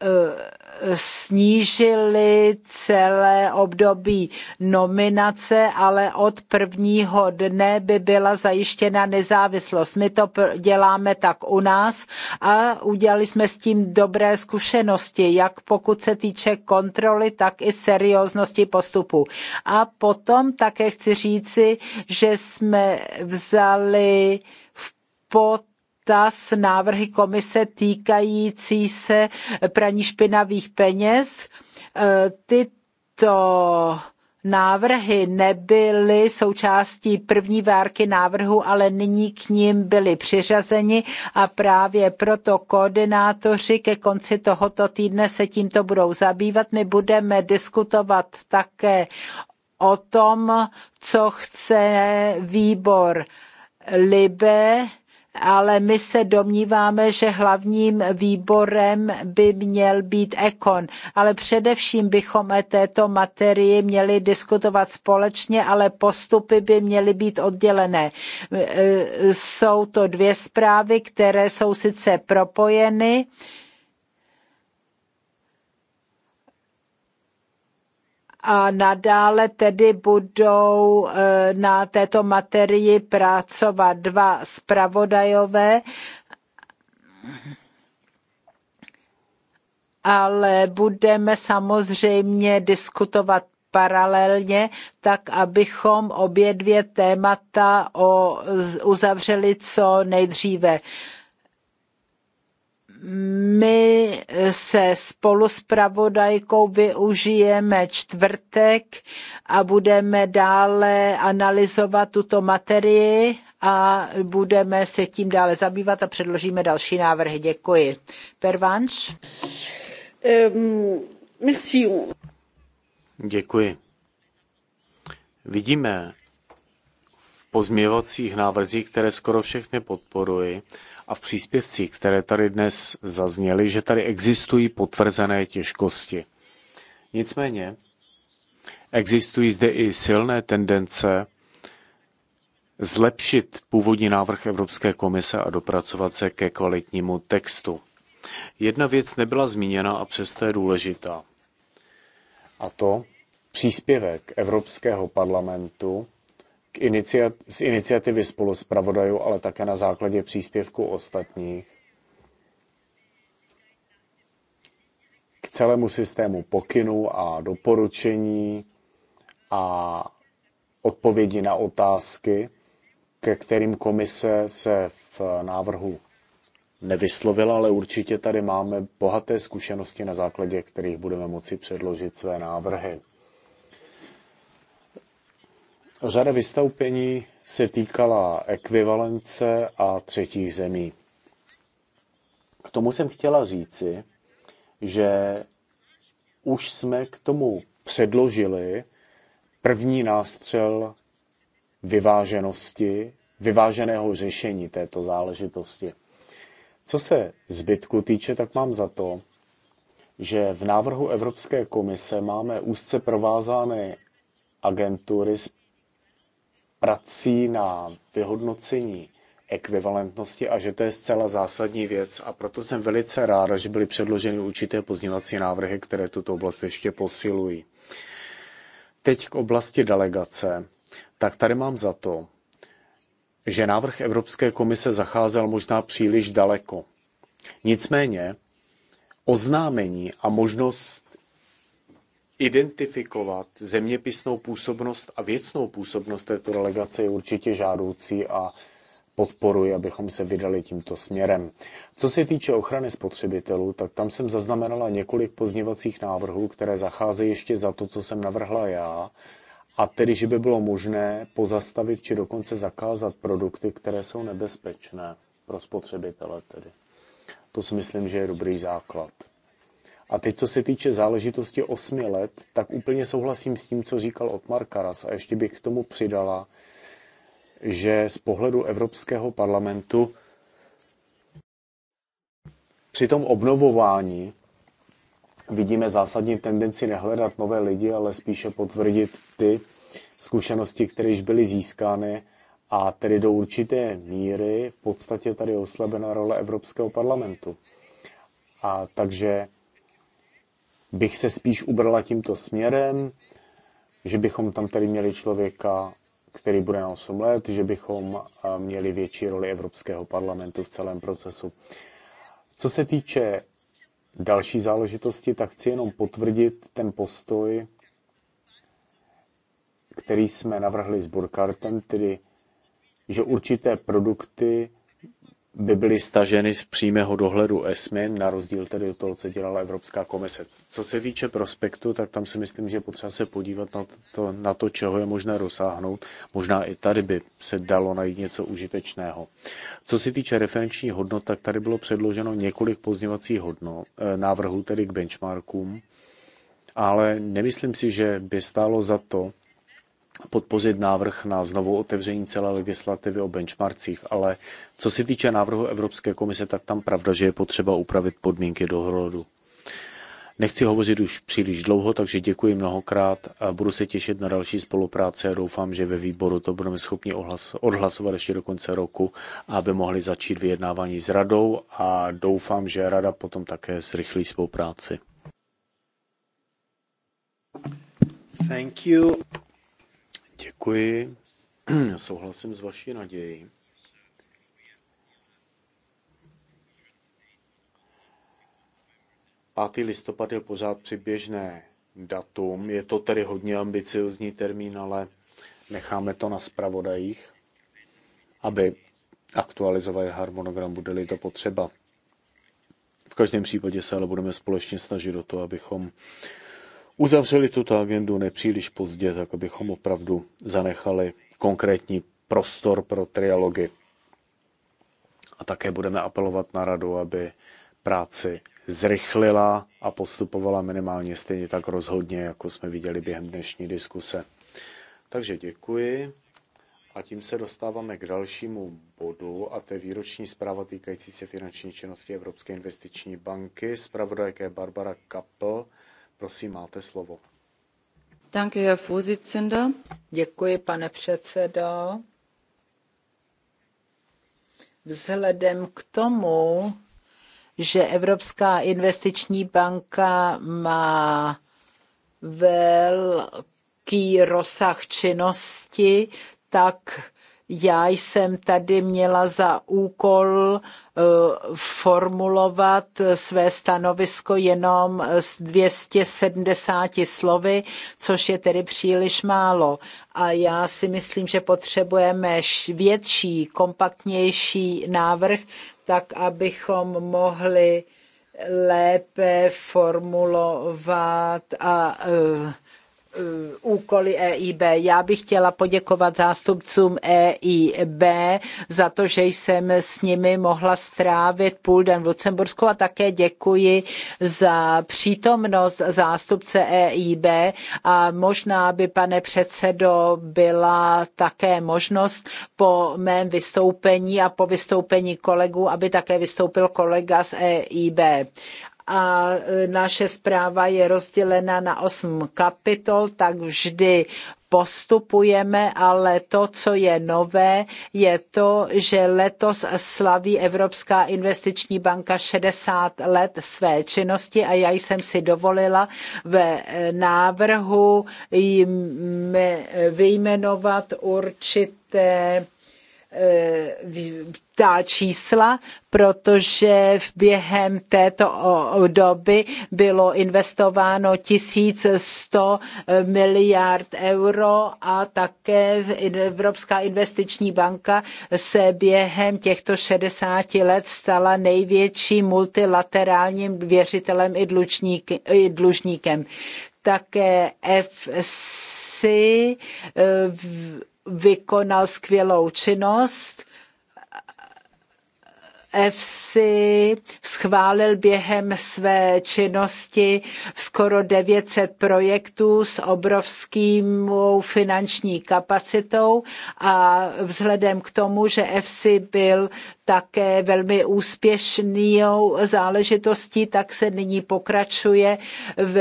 Eh, snížili celé období nominace, ale od prvního dne by byla zajištěna nezávislost. My to děláme tak u nás a udělali jsme s tím dobré zkušenosti, jak pokud se týče kontroly, tak i serióznosti postupu. A potom také chci říci, že jsme vzali v pot dotaz návrhy komise týkající se praní špinavých peněz. E, tyto návrhy nebyly součástí první várky návrhu, ale nyní k ním byly přiřazeni a právě proto koordinátoři ke konci tohoto týdne se tímto budou zabývat. My budeme diskutovat také o tom, co chce výbor Libe ale my se domníváme, že hlavním výborem by měl být ekon. Ale především bychom této materii měli diskutovat společně, ale postupy by měly být oddělené. E, e, jsou to dvě zprávy, které jsou sice propojeny, a nadále tedy budou eh, na této materii pracovat dva zpravodajové, ale budeme samozřejmě diskutovat paralelně, tak abychom obě dvě témata uzavřeli co nejdříve my se spolu s pravodajkou využijeme čtvrtek a budeme dále analyzovat tuto materii a budeme se tím dále zabývat a předložíme další návrhy. Děkuji. Pervanš? Ehm, merci. Děkuji. Vidíme v pozměvacích návrzích, které skoro všechny podporuji, a v příspěvcích, které tady dnes zazněly, že tady existují potvrzené těžkosti. Nicméně existují zde i silné tendence zlepšit původní návrh Evropské komise a dopracovat se ke kvalitnímu textu. Jedna věc nebyla zmíněna a přesto je důležitá. A to příspěvek Evropského parlamentu z iniciativy spoluzpravodajů, ale také na základě příspěvků ostatních k celému systému pokynů a doporučení a odpovědi na otázky, ke kterým komise se v návrhu nevyslovila, ale určitě tady máme bohaté zkušenosti, na základě kterých budeme moci předložit své návrhy. Řada vystoupení se týkala ekvivalence a třetích zemí. K tomu jsem chtěla říci, že už jsme k tomu předložili první nástřel vyváženosti, vyváženého řešení této záležitosti. Co se zbytku týče, tak mám za to, že v návrhu Evropské komise máme úzce provázány agentury s prací na vyhodnocení ekvivalentnosti a že to je zcela zásadní věc. A proto jsem velice rád, že byly předloženy určité pozněvací návrhy, které tuto oblast ještě posilují. Teď k oblasti delegace. Tak tady mám za to, že návrh Evropské komise zacházel možná příliš daleko. Nicméně oznámení a možnost identifikovat zeměpisnou působnost a věcnou působnost této delegace je určitě žádoucí a podporuji, abychom se vydali tímto směrem. Co se týče ochrany spotřebitelů, tak tam jsem zaznamenala několik pozněvacích návrhů, které zacházejí ještě za to, co jsem navrhla já, a tedy, že by bylo možné pozastavit či dokonce zakázat produkty, které jsou nebezpečné pro spotřebitele tedy. To si myslím, že je dobrý základ. A teď co se týče záležitosti osmi let, tak úplně souhlasím s tím, co říkal Otmar Karas a ještě bych k tomu přidala, že z pohledu Evropského parlamentu při tom obnovování vidíme zásadní tendenci nehledat nové lidi, ale spíše potvrdit ty zkušenosti, které již byly získány a tedy do určité míry v podstatě tady oslabená role Evropského parlamentu. A takže bych se spíš ubrala tímto směrem, že bychom tam tady měli člověka, který bude na 8 let, že bychom eh, měli větší roli Evropského parlamentu v celém procesu. Co se týče další záležitosti, tak chci jenom potvrdit ten postoj, který jsme navrhli s Burkartem, tedy že určité produkty by byly staženy z přímého dohledu ESMY, na rozdíl tedy od toho, co dělala Evropská komise. Co se týče prospektu, tak tam si myslím, že potřeba se podívat na to, na to čeho je možné dosáhnout. Možná i tady by se dalo najít něco užitečného. Co se týče referenční hodnot, tak tady bylo předloženo několik pozněvacích hodnot, eh, návrhů tedy k benchmarkům, ale nemyslím si, že by stálo za to podpořit návrh na znovu otevření celé legislativy o benchmarkcích, ale co se týče návrhu Evropské komise, tak tam pravda, že je potřeba upravit podmínky dohledu. Nechci hovořit už příliš dlouho, takže děkuji mnohokrát a budu se těšit na další spolupráci a doufám, že ve výboru to budeme schopni odhlasovat ještě do konce roku, aby mohli začít vyjednávání s radou a doufám, že rada potom také zrychlí spolupráci. Thank you. Děkuji. Souhlasím s vaší nadějí. Pátý listopad je pořád přiběžné datum. Je to tedy hodně ambiciozní termín, ale necháme to na spravodajích, aby aktualizovali harmonogram, bude-li to potřeba. V každém případě se ale budeme společně snažit o to, abychom uzavřeli tuto agendu nepříliš pozdě, tak abychom opravdu zanechali konkrétní prostor pro trialogy. A také budeme apelovat na radu, aby práci zrychlila a postupovala minimálně stejně tak rozhodně, jako jsme viděli během dnešní diskuse. Takže děkuji. A tím se dostáváme k dalšímu bodu, a to je výroční zpráva týkající se finanční činnosti Evropské investiční banky. Zpravodajka je Barbara Kappel. Prosím, máte slovo. Danke, Herr Vorsitzender. Děkuji, pane předsedo. Vzhledem k tomu, že Evropská investiční banka má velký rozsah činnosti, tak já jsem tady měla za úkol eh, formulovat své stanovisko jenom s 270 slovy, což je tedy příliš málo. A já si myslím, že potřebujeme větší, kompaktnější návrh, tak abychom mohli lépe formulovat a uh, Uh, úkoly EIB. Já bych chtěla poděkovat zástupcům EIB za to, že jsem s nimi mohla strávit půl den v Lucembursku a také děkuji za přítomnost zástupce EIB a možná by, pane předsedo, byla také možnost po mém vystoupení a po vystoupení kolegů, aby také vystoupil kolega z EIB a e, naše zpráva je rozdělena na osm kapitol, tak vždy postupujeme, ale to, co je nové, je to, že letos slaví Evropská investiční banka 60 let své činnosti a já jsem si dovolila ve e, návrhu jim e, vyjmenovat určité ta čísla, protože během této doby bylo investováno 1100 miliard euro a také Evropská investiční banka se během těchto 60 let stala největším multilaterálním věřitelem i, dlučník, i dlužníkem. Také FC vykonal skvělou činnost. EFSI schválil během své činnosti skoro 900 projektů s obrovskou finanční kapacitou a vzhledem k tomu, že EFSI byl také velmi úspěšnou záležitostí, tak se nyní pokračuje v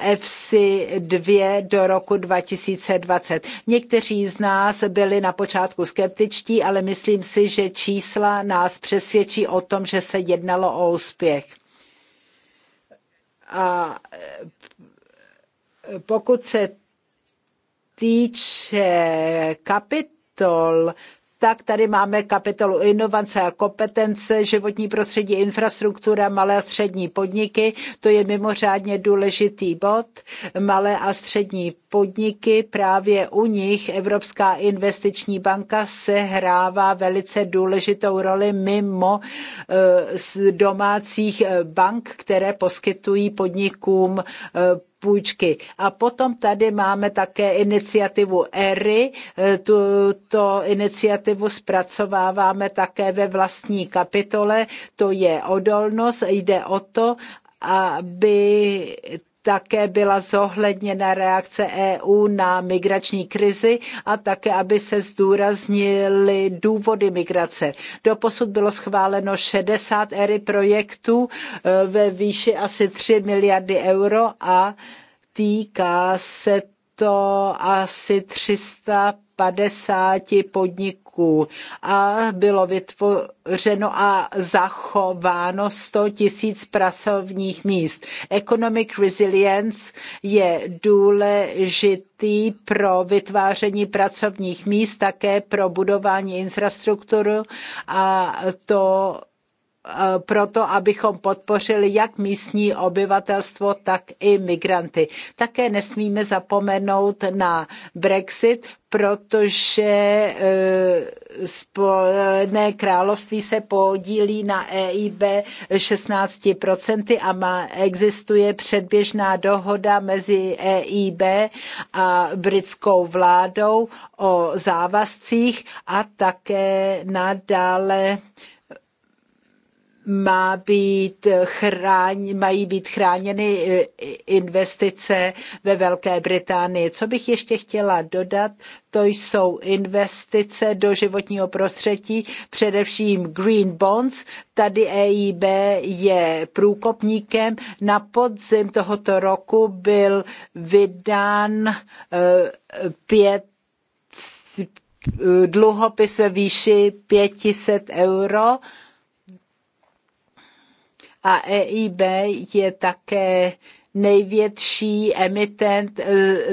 EFSI 2 do roku 2020. Někteří z nás byli na počátku skeptičtí, ale myslím si, že čísla nás přesvědčí o tom, že se jednalo o úspěch. A pokud se týče kapitol, tak tady máme kapitolu inovace a kompetence, životní prostředí, infrastruktura, malé a střední podniky. To je mimořádně důležitý bod. Malé a střední podniky, právě u nich Evropská investiční banka sehrává velice důležitou roli mimo eh, domácích eh, bank, které poskytují podnikům eh, půjčky. A potom tady máme také iniciativu ERI. E, Tuto iniciativu zpracováváme také ve vlastní kapitole. To je odolnost. Jde o to, aby také byla zohledněna reakce EU na migrační krizi a také, aby se zdůraznily důvody migrace. Doposud bylo schváleno 60 ery projektů eh, ve výši asi 3 miliardy euro a týká se to asi 350 podniků a bylo vytvořeno a zachováno 100 tisíc pracovních míst. Economic resilience je důležitý pro vytváření pracovních míst, také pro budování infrastruktury a to Eh, proto, abychom podpořili jak místní obyvatelstvo, tak i migranty. Také nesmíme zapomenout na Brexit, protože eh, Spojené království se podílí na EIB 16% a má, existuje předběžná dohoda mezi EIB a britskou vládou o závazcích a také nadále má být chráň, mají být chráněny e, investice ve Velké Británii. Co bych ještě chtěla dodat, to jsou investice do životního prostředí, především Green Bonds. Tady EIB je průkopníkem. Na podzim tohoto roku byl vydán e, pět dluhopis ve výši 500 euro a EIB je také největší emitent eh,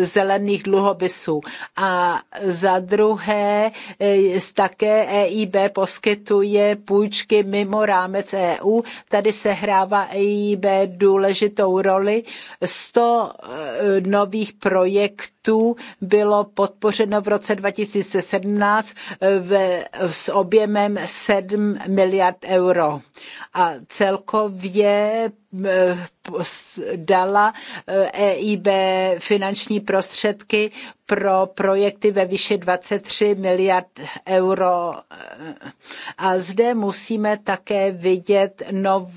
zelených dluhopisů. A za druhé eh, také EIB poskytuje půjčky mimo rámec EU. Tady se hrává EIB důležitou roli. 100 eh, nových projektů bylo podpořeno v roce 2017 s objemem 7 miliard euro. A celkově dala EIB e finanční prostředky pro projekty ve výši 23 miliard euro. E, a zde musíme také vidět nov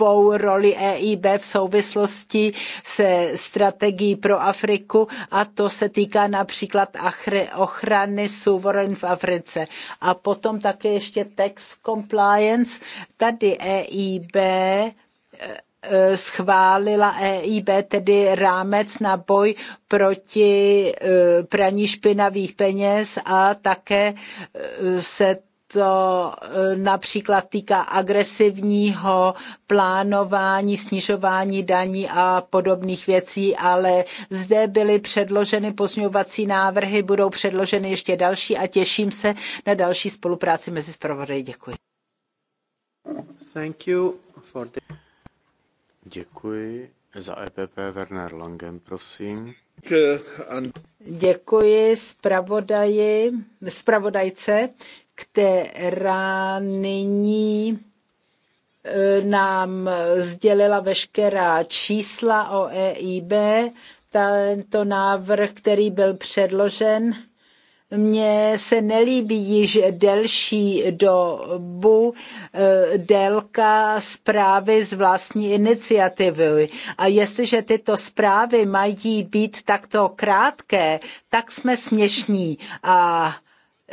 novou roli EIB v souvislosti se strategií pro Afriku a to se týká například ochrany suverén v Africe. A potom také ještě tax compliance. Tady EIB eh, eh, schválila EIB tedy rámec na boj proti eh, praní špinavých peněz a také se to e, například týká agresivního plánování, snižování daní a podobných věcí, ale zde byly předloženy pozměňovací návrhy, budou předloženy ještě další a těším se na další spolupráci mezi zpravodaji. Děkuji. Thank you for the... Děkuji za EPP Werner Langen, prosím. Děkuji zpravodaji, zpravodajce která nyní e, nám sdělila veškerá čísla o EIB. Tento návrh, který byl předložen, mně se nelíbí již delší dobu e, délka zprávy z vlastní iniciativy. A jestliže tyto zprávy mají být takto krátké, tak jsme směšní. A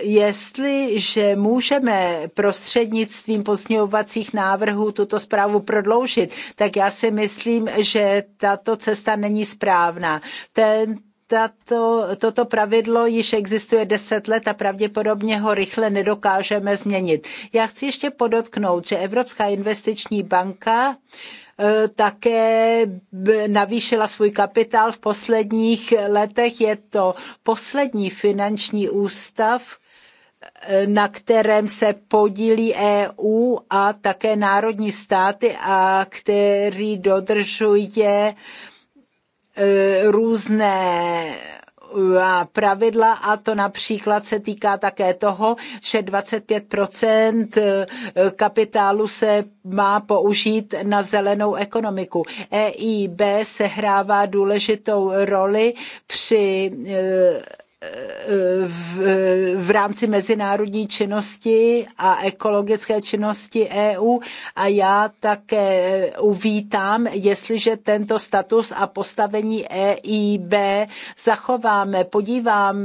jestliže můžeme prostřednictvím pozměňovacích návrhů tuto zprávu prodloužit, tak já si myslím, že tato cesta není správná. Ten, tato, toto pravidlo již existuje deset let a pravděpodobně ho rychle nedokážeme změnit. Já chci ještě podotknout, že Evropská investiční banka eh, také navýšila svůj kapitál v posledních letech. Je to poslední finanční ústav, na kterém se podílí EU a také národní státy a který dodržuje e, různé e, pravidla a to například se týká také toho, že 25 e, kapitálu se má použít na zelenou ekonomiku. EIB sehrává důležitou roli při v, v rámci mezinárodní činnosti a ekologické činnosti EU a já také uvítám, jestliže tento status a postavení EIB zachováme. Podívám,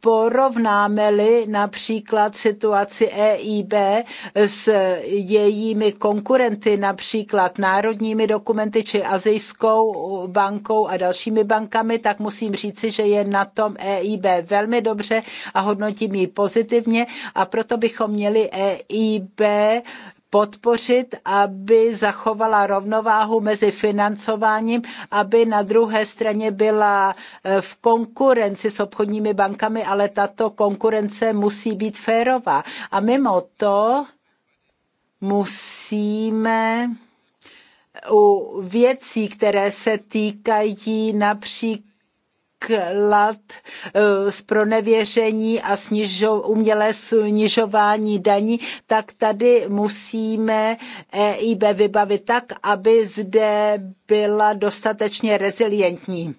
porovnáme-li například situaci EIB s jejími konkurenty, například národními dokumenty či azijskou bankou a dalšími bankami, tak musím říci, že je na tom EIB velmi dobře a hodnotím ji pozitivně a proto bychom měli EIB podpořit, aby zachovala rovnováhu mezi financováním, aby na druhé straně byla eh, v konkurenci s obchodními bankami, ale tato konkurence musí být férová. A mimo to musíme u věcí, které se týkají například základ z eh, pronevěření a snižo, umělé snižování daní, tak tady musíme EIB vybavit tak, aby zde byla dostatečně rezilientní.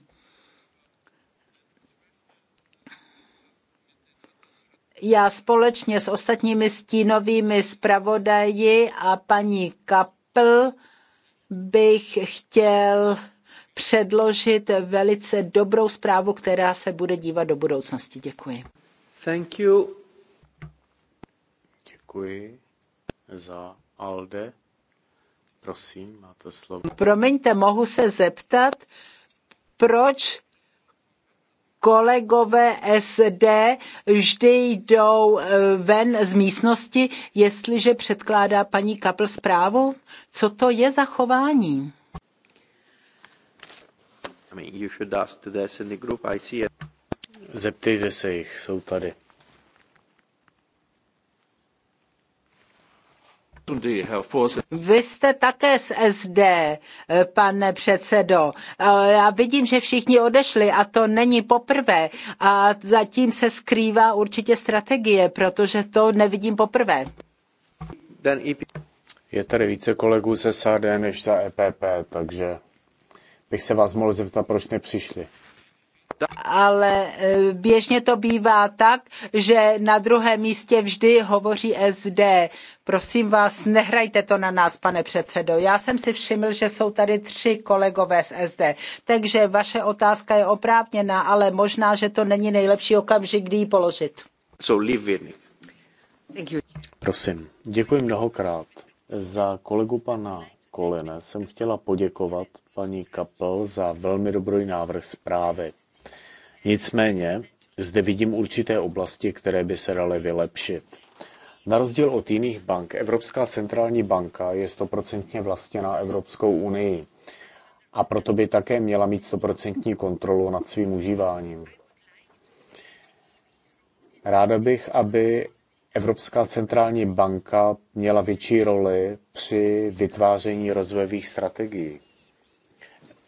já společně s ostatními stínovými zpravodaji a paní Kapl bych chtěl předložit velice dobrou zprávu, která se bude dívat do budoucnosti. Děkuji. Thank you. Děkuji za Alde. Prosím, máte slovo. Promiňte, mohu se zeptat, proč kolegové SD vždy jdou eh, ven z místnosti, jestliže předkládá paní Kapl zprávu? Co to je za chování? you should ask to this in the group. I see it. Zeptejte se jich, jsou tady. Vy jste také z SD, pane předsedo. Já vidím, že všichni odešli a to není poprvé. A zatím se skrývá určitě strategie, protože to nevidím poprvé. E Je tady více kolegů ze SAD než za EPP, takže bych se vás mohl zeptat, proč nepřišli. Ale e, běžně to bývá tak, že na druhém místě vždy hovoří SD. Prosím vás, nehrajte to na nás, pane předsedo. Já jsem si všiml, že jsou tady tři kolegové z SD, takže vaše otázka je oprávněná, ale možná, že to není nejlepší okamžik, kdy ji položit. So leave Prosím, děkuji mnohokrát. Za kolegu pana Kolene jsem chtěla poděkovat, paní Kapel za velmi dobrý návrh zprávy. Nicméně zde vidím určité oblasti, které by se daly vylepšit. Na rozdíl od jiných bank, Evropská centrální banka je stoprocentně vlastněná Evropskou unii a proto by také měla mít stoprocentní kontrolu nad svým užíváním. Ráda bych, aby Evropská centrální banka měla větší roli při vytváření rozvojových strategií.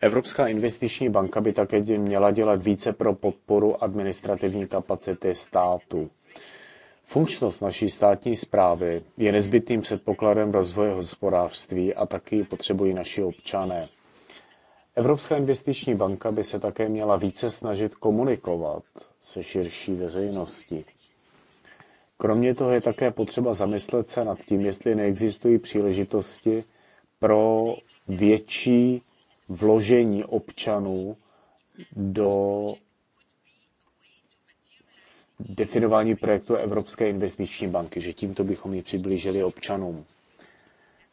Evropská investiční banka by také měla dělat více pro podporu administrativní kapacity státu. Funkčnost naší státní zprávy je nezbytným předpokladem rozvoje hospodářství a taky potřebují naši občané. Evropská investiční banka by se také měla více snažit komunikovat se širší veřejností. Kromě toho je také potřeba zamyslet se nad tím, jestli neexistují příležitosti pro větší vložení občanů do definování projektu Evropské investiční banky, že tímto bychom ji přiblížili občanům.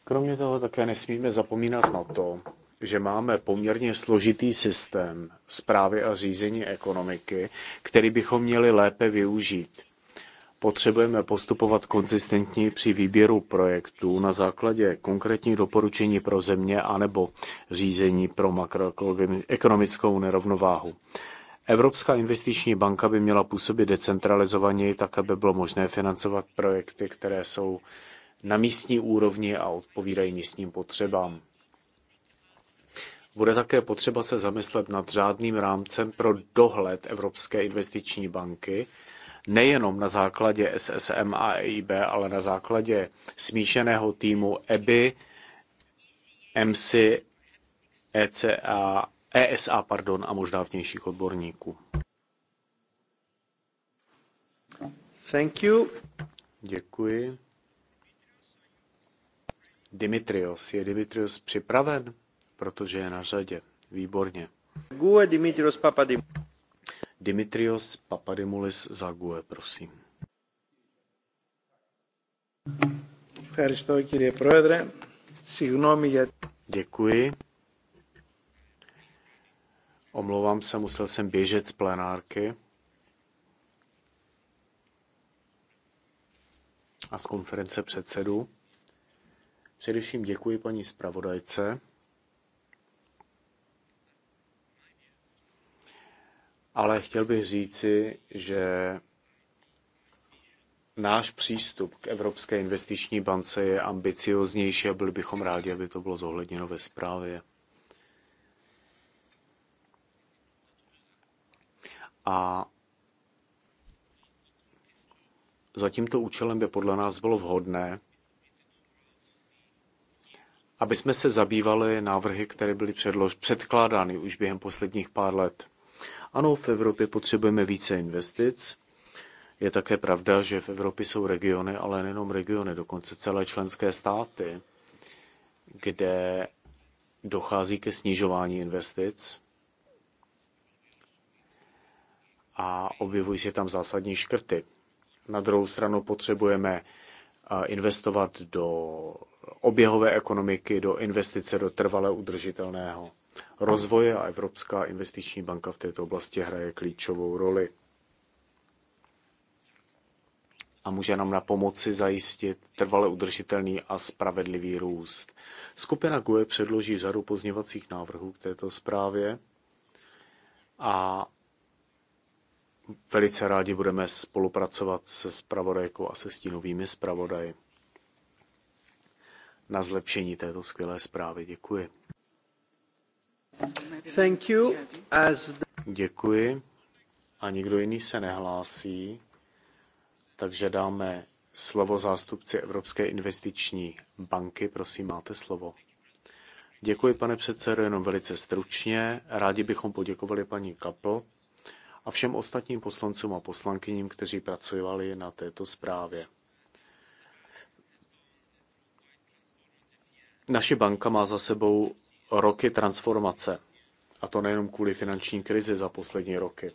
Kromě toho také nesmíme zapomínat na to, že máme poměrně složitý systém zprávy a řízení ekonomiky, který bychom měli lépe využít. Potřebujeme postupovat konzistentně při výběru projektů na základě konkrétních doporučení pro země anebo řízení pro makroekonomickou nerovnováhu. Evropská investiční banka by měla působit decentralizovaněji, tak aby bylo možné financovat projekty, které jsou na místní úrovni a odpovídají místním potřebám. Bude také potřeba se zamyslet nad řádným rámcem pro dohled Evropské investiční banky, nejenom na základě SSM a EIB, ale na základě smíšeného týmu EBI, MC, ECA, ESA pardon, a možná vnějších odborníků. Thank you. Děkuji. Dimitrios. Je Dimitrios připraven? Protože je na řadě. Výborně. Gue Dimitrios Papadimoulis. Dimitrios Papadimoulis za GUE, prosím. Děkuji. Omlouvám se, musel jsem běžet z plenárky a z konference předsedů. Především děkuji paní zpravodajce. ale chtěl bych říci, že náš přístup k Evropské investiční bance je ambicioznější a byli bychom rádi, aby to bylo zohledněno ve zprávě. A za tímto účelem by podle nás bylo vhodné, aby jsme se zabývali návrhy, které byly předkládány už během posledních pár let. Ano, v Evropě potřebujeme více investic. Je také pravda, že v Evropě jsou regiony, ale nejenom regiony, dokonce celé členské státy, kde dochází ke snižování investic a objevují se tam zásadní škrty. Na druhou stranu potřebujeme eh, investovat do oběhové ekonomiky, do investice do trvale udržitelného rozvoje a Evropská investiční banka v této oblasti hraje klíčovou roli. A může nám na pomoci zajistit trvale udržitelný a spravedlivý růst. Skupina GUE předloží řadu pozněvacích návrhů k této zprávě a velice rádi budeme spolupracovat se spravodajkou a se stínovými zpravodaji. na zlepšení této skvělé zprávy. Děkuji. Děkuji. A nikdo jiný se nehlásí, takže dáme slovo zástupci Evropské investiční banky. Prosím, máte slovo. Děkuji, pane předsedo, jenom velice stručně. Rádi bychom poděkovali paní Kapl a všem ostatním poslancům a poslankyním, kteří pracovali na této zprávě. Naše banka má za sebou roky transformace. A to nejenom kvůli finanční krizi za poslední roky.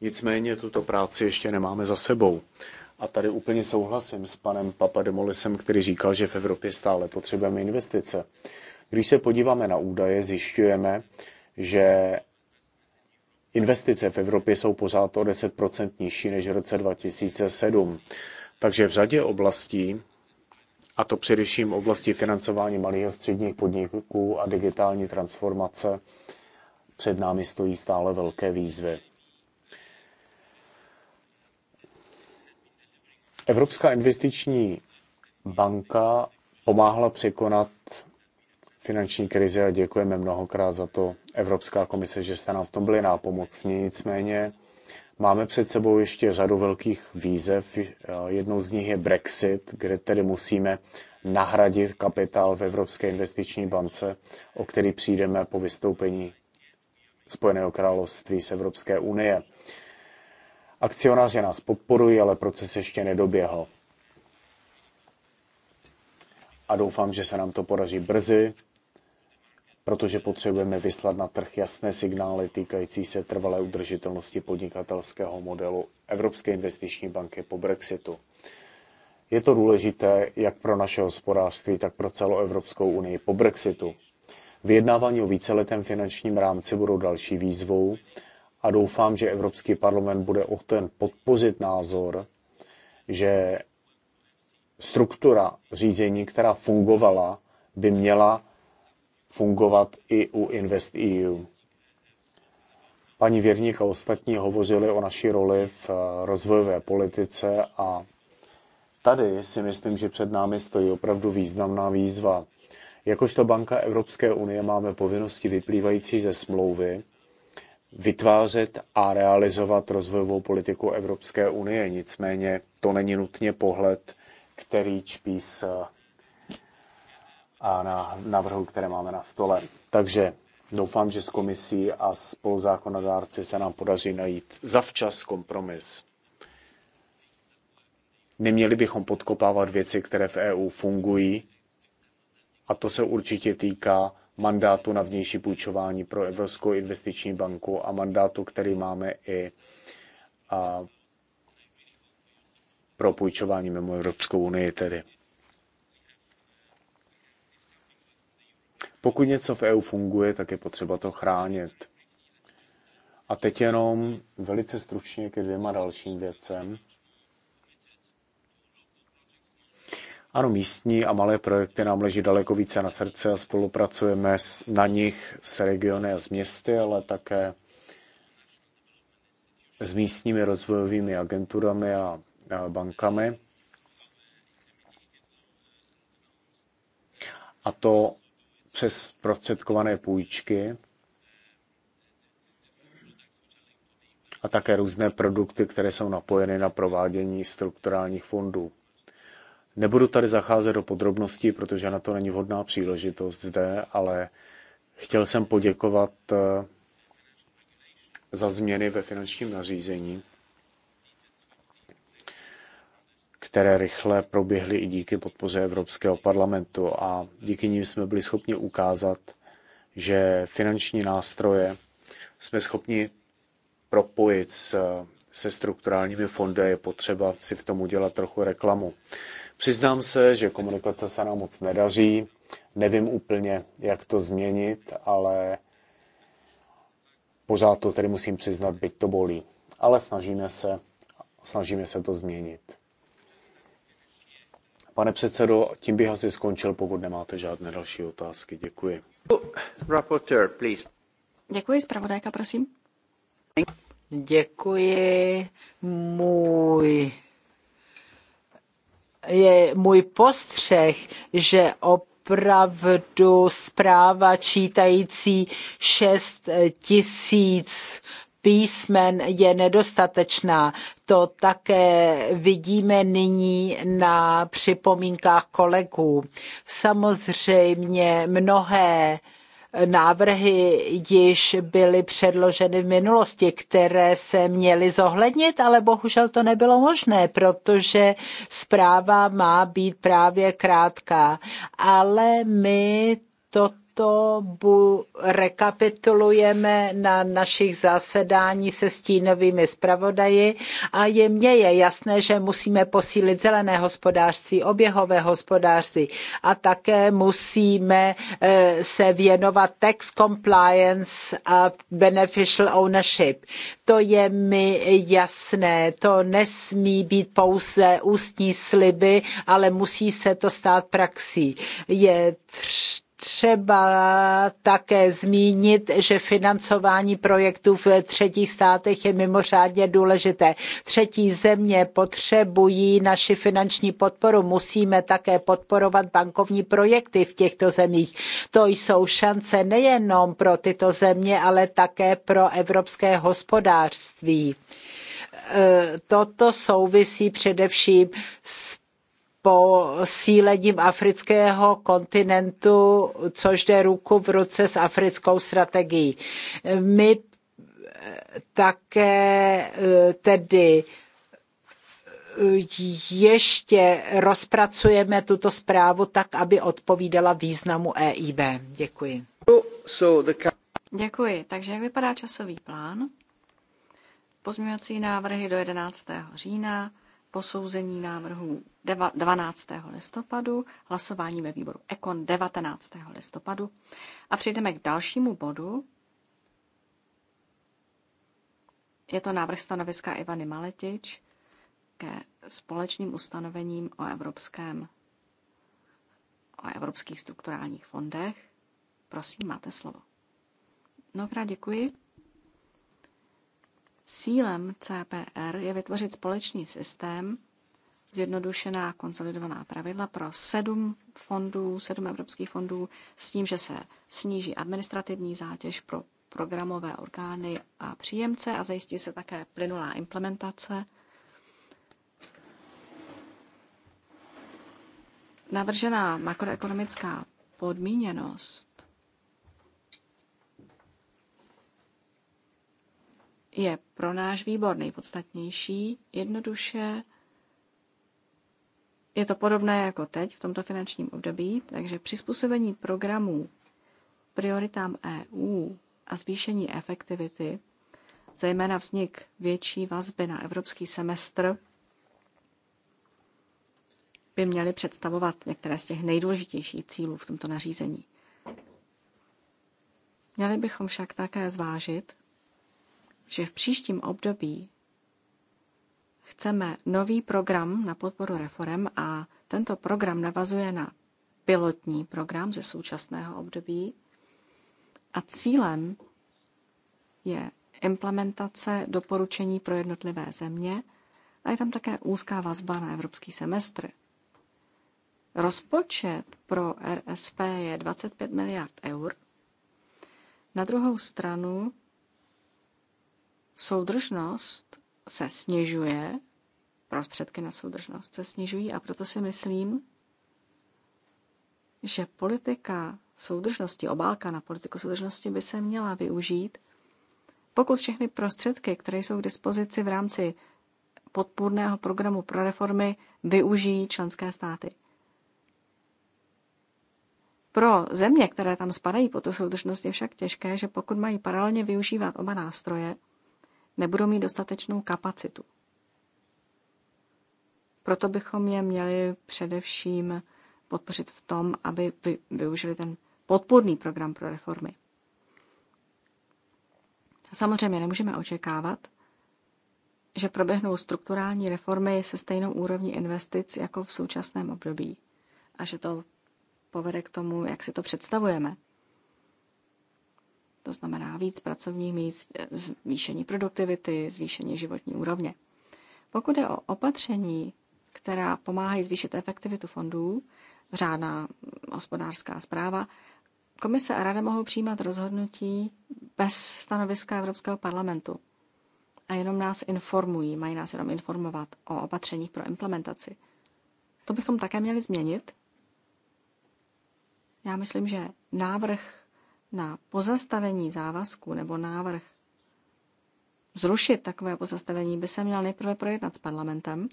Nicméně tuto práci ještě nemáme za sebou. A tady úplně souhlasím s panem Papademolisem, který říkal, že v Evropě stále potřebujeme investice. Když se podíváme na údaje, zjišťujeme, že investice v Evropě jsou pořád o 10 nižší než v roce 2007. Takže v řadě oblastí a to především v oblasti financování malých a středních podniků a digitální transformace. Před námi stojí stále velké výzvy. Evropská investiční banka pomáhla překonat finanční krizi a děkujeme mnohokrát za to Evropská komise, že jste nám v tom byli nápomocní. Nicméně Máme před sebou ještě řadu velkých výzev. Jednou z nich je Brexit, kde tedy musíme nahradit kapitál v Evropské investiční bance, o který přijdeme po vystoupení Spojeného království z Evropské unie. Akcionáři nás podporují, ale proces ještě nedoběhl. A doufám, že se nám to podaří brzy protože potřebujeme vyslat na trh jasné signály týkající se trvalé udržitelnosti podnikatelského modelu Evropské investiční banky po Brexitu. Je to důležité jak pro naše hospodářství, tak pro celou Evropskou unii po Brexitu. Vyjednávání o víceletém finančním rámci budou další výzvou a doufám, že Evropský parlament bude ochoten podpořit názor, že struktura řízení, která fungovala, by měla fungovat i u InvestEU. Paní Věrník a ostatní hovořili o naší roli v eh, rozvojové politice a tady si myslím, že před námi stojí opravdu významná výzva. Jakožto Banka Evropské unie máme povinnosti vyplývající ze smlouvy vytvářet a realizovat rozvojovou politiku Evropské unie. Nicméně to není nutně pohled, který čpí s a na návrhu, které máme na stole. Takže doufám, že s komisí a spoluzákonodárci se nám podaří najít zavčas kompromis. Neměli bychom podkopávat věci, které v EU fungují, a to se určitě týká mandátu na vnější půjčování pro Evropskou investiční banku a mandátu, který máme i a, pro půjčování mimo Evropskou unii tedy. Pokud něco v EU funguje, tak je potřeba to chránit. A teď jenom velice stručně ke dvěma dalším věcem. Ano, místní a malé projekty nám leží daleko více na srdce a spolupracujeme na nich s regiony a s městy, ale také s místními rozvojovými agenturami a bankami. A to přes prostředkované půjčky a také různé produkty, které jsou napojeny na provádění strukturálních fondů. Nebudu tady zacházet do podrobností, protože na to není vhodná příležitost zde, ale chtěl jsem poděkovat eh, za změny ve finančním nařízení. které rychle proběhly i díky podpoře Evropského parlamentu a díky nim jsme byli schopni ukázat, že finanční nástroje jsme schopni propojit s, se strukturálními fondy je potřeba si v tom udělat trochu reklamu. Přiznám se, že komunikace se nám moc nedaří, nevím úplně, jak to změnit, ale pořád to tedy musím přiznat, byť to bolí. Ale snažíme se, snažíme se to změnit. Pane předsedo, tím bych asi skončil, pokud nemáte žádné další otázky. Děkuji. please. Děkuji, zpravodajka, prosím. Děkuji. Můj je můj postřeh, že opravdu zpráva čítající šest tisíc písmen je nedostatečná. To také vidíme nyní na připomínkách kolegů. Samozřejmě mnohé návrhy již byly předloženy v minulosti, které se měly zohlednit, ale bohužel to nebylo možné, protože zpráva má být právě krátká. Ale my to to bu, rekapitulujeme na našich zasedání se stínovými zpravodaji a je mně je jasné, že musíme posílit zelené hospodářství, oběhové hospodářství a také musíme eh, se věnovat tax compliance a beneficial ownership. To je mi jasné, to nesmí být pouze ústní sliby, ale musí se to stát praxí. Je tř třeba také zmínit, že financování projektů v třetích státech je mimořádně důležité. Třetí země potřebují naši finanční podporu. Musíme také podporovat bankovní projekty v těchto zemích. To jsou šance nejenom pro tyto země, ale také pro evropské hospodářství. E, toto souvisí především s posílením afrického kontinentu, což jde ruku v ruce s africkou strategií. My také eh, tedy eh, ještě rozpracujeme tuto zprávu tak, aby odpovídala významu EIB. Děkuji. Děkuji. Takže jak vypadá časový plán? Pozměňovací návrhy do 11. října, posouzení návrhů 12. listopadu, hlasování ve výboru Ekon 19. listopadu. A přejdeme k dalšímu bodu. Je to návrh stanoviska Ivany Maletič ke společným ustanovením o evropském o evropských strukturálních fondech. Prosím, máte slovo. Mnohokrát děkuji. Cílem CPR je vytvořit společný systém, zjednodušená konsolidovaná pravidla pro sedm fondů, sedm evropských fondů, s tím, že se sníží administrativní zátěž pro programové orgány a příjemce a zajistí se také plynulá implementace. Navržená makroekonomická podmíněnost je pro náš výbor nejpodstatnější. Jednoduše je to podobné jako teď v tomto finančním období, takže přizpůsobení programů prioritám EU a zvýšení efektivity, zejména vznik větší vazby na evropský semestr, by měly představovat některé z těch nejdůležitějších cílů v tomto nařízení. Měli bychom však také zvážit, že v příštím období Chceme nový program na podporu reform a tento program navazuje na pilotní program ze současného období a cílem je implementace doporučení pro jednotlivé země a je tam také úzká vazba na evropský semestr. Rozpočet pro RSP je 25 miliard eur. Na druhou stranu soudržnost se snižuje, prostředky na soudržnost se snižují a proto si myslím, že politika soudržnosti, obálka na politiku soudržnosti by se měla využít, pokud všechny prostředky, které jsou k dispozici v rámci podpůrného programu pro reformy, využijí členské státy. Pro země, které tam spadají pod tu soudržnost, je však těžké, že pokud mají paralelně využívat oba nástroje, nebudou mít dostatečnou kapacitu. Proto bychom je měli především podpořit v tom, aby využili ten podporný program pro reformy. Samozřejmě nemůžeme očekávat, že proběhnou strukturální reformy se stejnou úrovní investic jako v současném období a že to povede k tomu, jak si to představujeme. To znamená víc pracovních míst, eh, zvýšení produktivity, zvýšení životní úrovně. Pokud je o opatření, která pomáhají zvýšit efektivitu fondů, řádná mm, hospodářská zpráva, Komise a Rada mohou přijímat rozhodnutí bez stanoviska Evropského parlamentu a jenom nás informují, mají nás jenom informovat o opatřeních pro implementaci. To bychom také měli změnit. Já myslím, že návrh na pozastavení závazku nebo návrh zrušit takové pozastavení by se měl nejprve projednat s parlamentem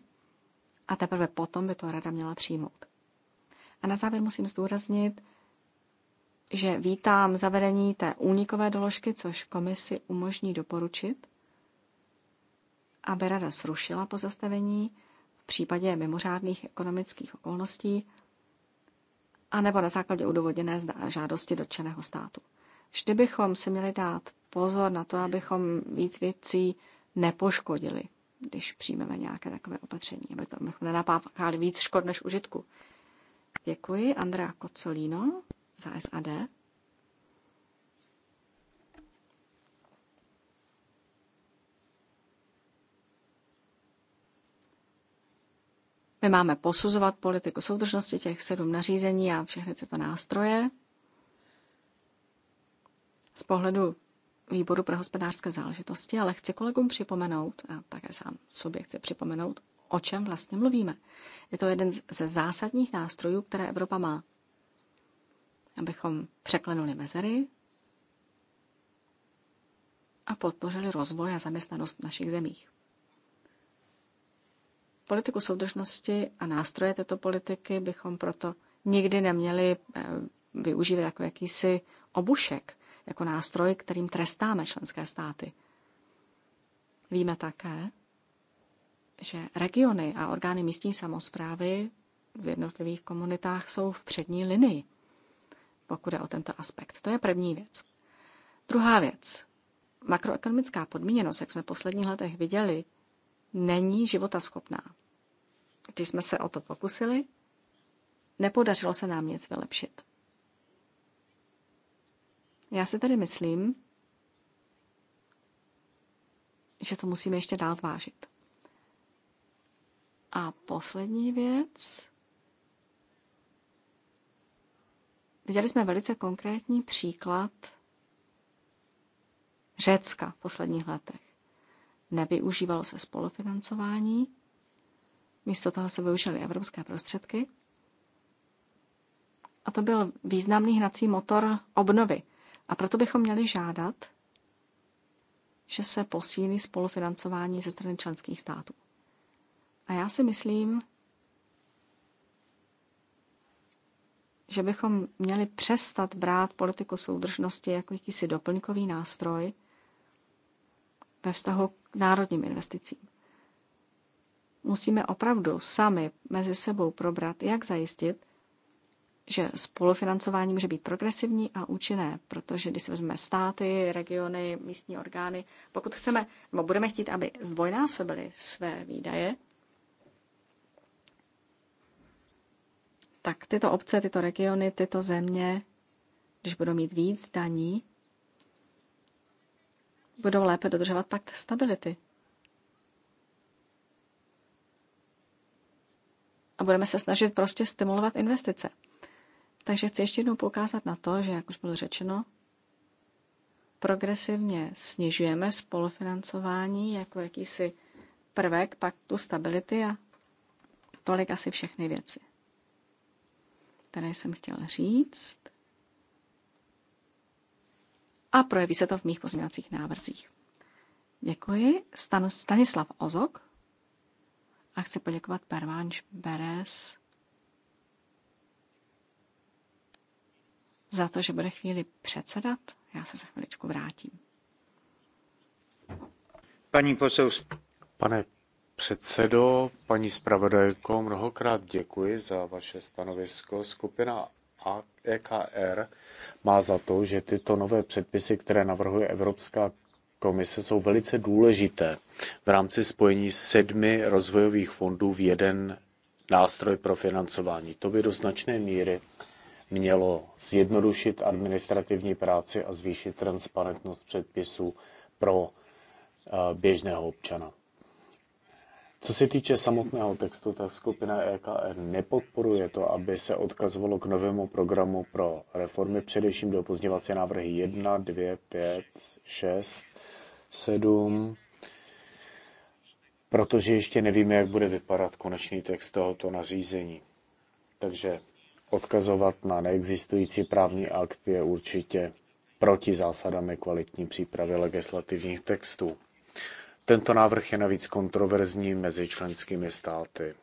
a teprve potom by to rada měla přijmout. A na závěr musím zdůraznit, že vítám zavedení té únikové doložky, což komisi umožní doporučit, aby rada zrušila pozastavení v případě mimořádných ekonomických okolností a nebo na základě udovodněné žádosti dotčeného státu. Vždy bychom si měli dát pozor na to, abychom víc věcí nepoškodili, když přijmeme nějaké takové opatření, aby to bychom nenapáchali víc škod než užitku. Děkuji, Andrea Kocolíno za SAD. My máme posuzovat politiku soudržnosti těch sedm nařízení a všechny tyto nástroje z pohledu výboru pro hospodářské záležitosti, ale chci kolegům připomenout, a také sám sobě chci připomenout, o čem vlastně mluvíme. Je to jeden ze zásadních nástrojů, které Evropa má. Abychom překlenuli mezery a podpořili rozvoj a zaměstnanost v našich zemích. Politiku soudržnosti a nástroje této politiky bychom proto nikdy neměli eh, využívat jako jakýsi obušek, jako nástroj, kterým trestáme členské státy. Víme také, že regiony a orgány místní samozprávy v jednotlivých komunitách jsou v přední linii, pokud je o tento aspekt. To je první věc. Druhá věc. Makroekonomická podmíněnost, jak jsme v posledních letech viděli, není životaschopná. Když jsme se o to pokusili, nepodařilo se nám nic vylepšit. Já si tedy myslím, že to musíme ještě dál zvážit. A poslední věc. Viděli jsme velice konkrétní příklad Řecka v posledních letech nevyužívalo se spolufinancování, místo toho se využily evropské prostředky. A to byl významný hnací motor obnovy. A proto bychom měli žádat, že se posílí spolufinancování ze strany členských států. A já si myslím, že bychom měli přestat brát politiku soudržnosti jako jakýsi doplňkový nástroj, ve vztahu k národním investicím. Musíme opravdu sami mezi sebou probrat, jak zajistit, že spolufinancování může být progresivní a účinné, protože když se vezmeme státy, regiony, místní orgány, pokud chceme, nebo budeme chtít, aby zdvojnásobili své výdaje, tak tyto obce, tyto regiony, tyto země, když budou mít víc daní, budou lépe dodržovat pakt stability. A budeme se snažit prostě stimulovat investice. Takže chci ještě jednou poukázat na to, že, jak už bylo řečeno, progresivně snižujeme spolufinancování jako jakýsi prvek paktu stability a tolik asi všechny věci, které jsem chtěla říct a projeví se to v mých pozměňovacích návrzích. Děkuji. Stan- Stanislav Ozok. A chci poděkovat Pervánč Beres za to, že bude chvíli předsedat. Já se za chviličku vrátím. Paní posou... Pane předsedo, paní zpravodajko, mnohokrát děkuji za vaše stanovisko. Skupina EKR má za to, že tyto nové předpisy, které navrhuje Evropská komise, jsou velice důležité v rámci spojení sedmi rozvojových fondů v jeden nástroj pro financování. To by do značné míry mělo zjednodušit administrativní práci a zvýšit transparentnost předpisů pro eh, běžného občana. Co se týče samotného textu, tak skupina EKR nepodporuje to, aby se odkazovalo k novému programu pro reformy, především do pozněvací návrhy 1, 2, 5, 6, 7, protože ještě nevíme, jak bude vypadat konečný text tohoto nařízení. Takže odkazovat na neexistující právní akt je určitě proti zásadám kvalitní přípravy legislativních textů. Tento návrh je navíc kontroverzní mezi členskými státy.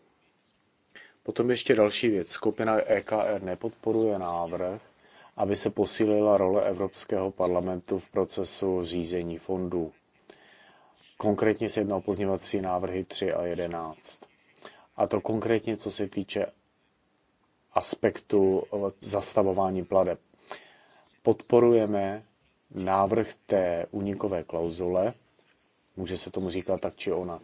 Potom ještě další věc. Skupina EKR nepodporuje návrh, aby se posílila role Evropského parlamentu v procesu řízení fondů. Konkrétně se jedná o pozněvací návrhy 3 a 11. A to konkrétně, co se týče aspektu zastavování pladeb. Podporujeme návrh té unikové klauzule, Může se tomu říkat tak či onak.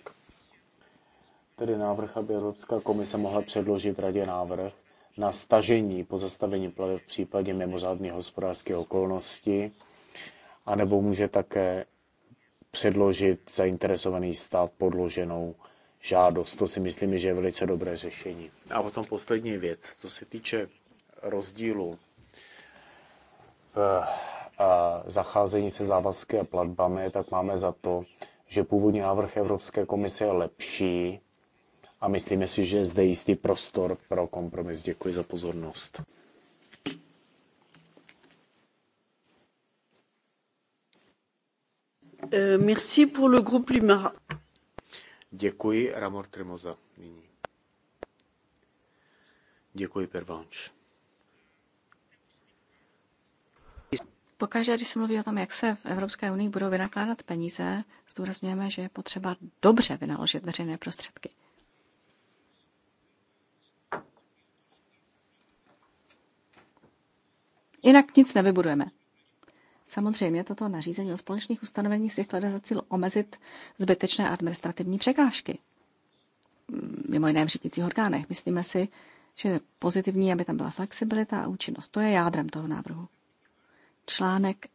Tedy návrh, aby Evropská komise mohla předložit radě návrh na stažení pozastavení plave v případě mimořádných hospodářských okolností, anebo může také předložit zainteresovaný stát podloženou žádost. To si myslím, že je velice dobré řešení. A potom poslední věc, co se týče rozdílu v eh, zacházení se závazky a platbami, tak máme za to, že původní návrh Evropské komise je lepší a myslíme si, že je zde jistý prostor pro kompromis. Děkuji za pozornost. Eh, merci pour le groupe Lima. Děkuji, Ramor Tremoza. Nyní. Děkuji, Pervanč. Pokaždé, když se mluví o tom, jak se v Evropské unii budou vynakládat peníze, zdůrazňujeme, že je potřeba dobře vynaložit veřejné prostředky. Jinak nic nevybudujeme. Samozřejmě toto nařízení o společných ustanoveních si klade za cíl omezit zbytečné administrativní překážky. Mm, mimo jiné v řídících orgánech. Myslíme si, že pozitivní, aby tam byla flexibilita a účinnost. To je jádrem toho návrhu. Článek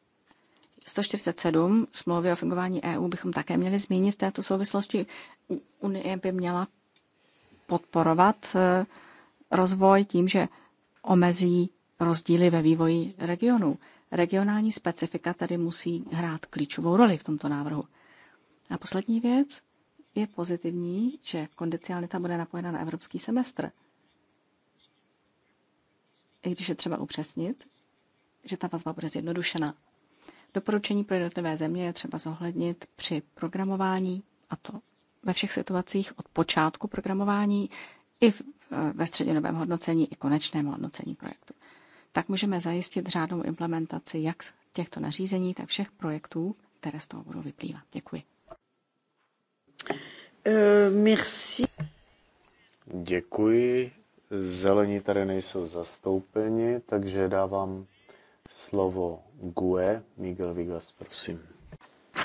147 smlouvy o fungování EU bychom také měli zmínit v této souvislosti. Unie by měla podporovat e, rozvoj tím, že omezí rozdíly ve vývoji regionů. Regionální specifika tady musí hrát klíčovou roli v tomto návrhu. A poslední věc je pozitivní, že kondicionalita bude napojena na evropský semestr. I když je třeba upřesnit, že ta vazba bude zjednodušena. Doporučení pro jednotlivé země je třeba zohlednit při programování, a to ve všech situacích od počátku programování i v, eh, ve střednědobém hodnocení i konečném hodnocení projektu. Tak můžeme zajistit řádnou implementaci jak těchto nařízení, tak všech projektů, které z toho budou vyplývat. Děkuji. Uh, merci. Děkuji. Zelení tady nejsou zastoupeni, takže dávám slovo GUE. Miguel Vigas, prosím.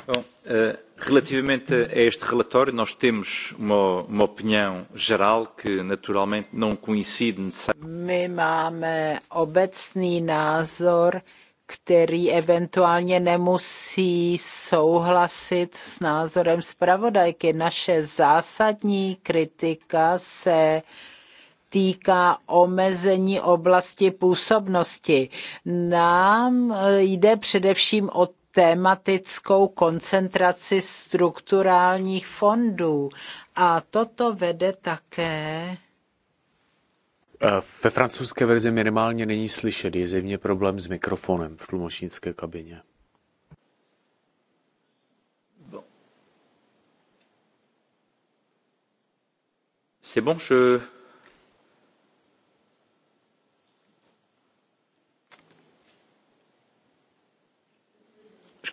Bom, eh, relativamente a este relatório, nós temos uma, uma opinião geral que naturalmente não coincide necessariamente. My máme obecný názor, který eventuálně nemusí souhlasit s názorem zpravodajky. Naše zásadní kritika se uh, týká omezení oblasti působnosti. Nám eh, jde především o tematickou koncentraci strukturálních fondů. A toto vede také. Eh, ve francouzské verzi minimálně není slyšet, je zjevně problém s mikrofonem v tlumočnické kabině. C'est bon, je,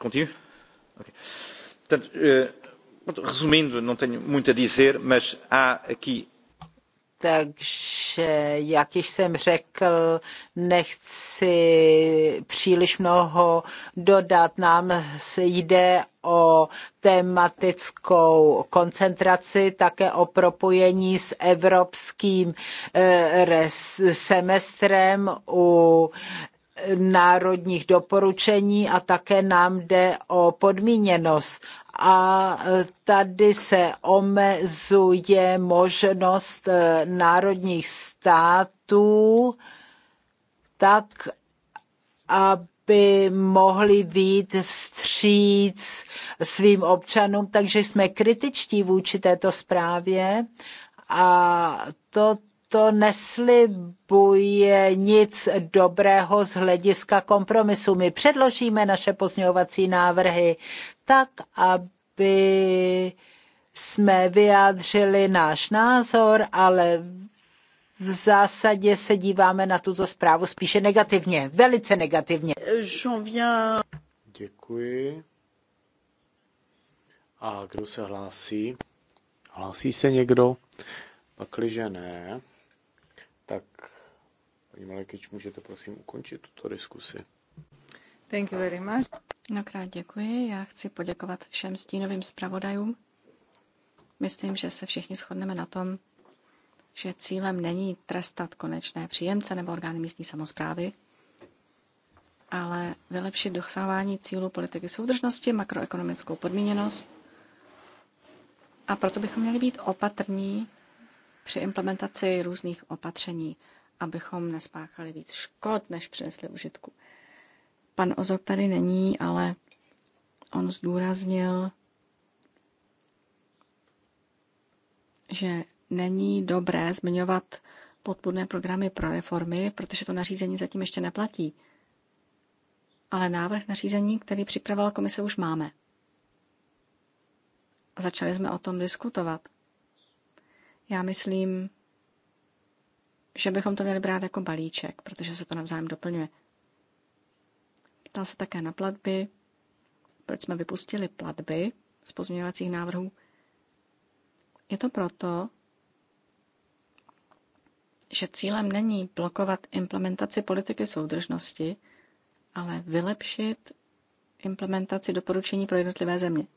continue? Ok. Portanto, uh, resumindo, não tenho muito a dizer, mas há aqui takže, jak již jsem řekl, nechci příliš mnoho dodat. Nám se jde o tematickou koncentraci, také o propojení s evropským eh, semestrem u národních doporučení a také nám jde o podmíněnost. A tady se omezuje možnost eh, národních států tak, aby mohli být vstříc svým občanům, takže jsme kritičtí vůči této zprávě a to to neslibuje nic dobrého z hlediska kompromisu. My předložíme naše pozměňovací návrhy tak, aby jsme vyjádřili náš názor, ale v zásadě se díváme na tuto zprávu spíše negativně, velice negativně. Děkuji. A kdo se hlásí? Hlásí se někdo? Pakliže ne, tak, paní Malekyč, můžete prosím ukončit tuto diskusi. Thank you very much. krát děkuji. Já chci poděkovat všem stínovým zpravodajům. Myslím, že se všichni shodneme na tom, že cílem není trestat konečné příjemce nebo orgány místní samozprávy, ale vylepšit dosávání cílu politiky soudržnosti, makroekonomickou podmíněnost. A proto bychom měli být opatrní při implementaci různých opatření, abychom nespáchali víc škod, než přinesli užitku. Pan Ozok tady není, ale on zdůraznil, že není dobré zmiňovat podpůrné programy pro reformy, protože to nařízení zatím ještě neplatí. Ale návrh nařízení, který připravila komise, už máme. A začali jsme o tom diskutovat. Já myslím, že bychom to měli brát jako balíček, protože se to navzájem doplňuje. Ptal se také na platby, proč jsme vypustili platby z pozměňovacích návrhů. Je to proto, že cílem není blokovat implementaci politiky soudržnosti, ale vylepšit implementaci doporučení pro jednotlivé země.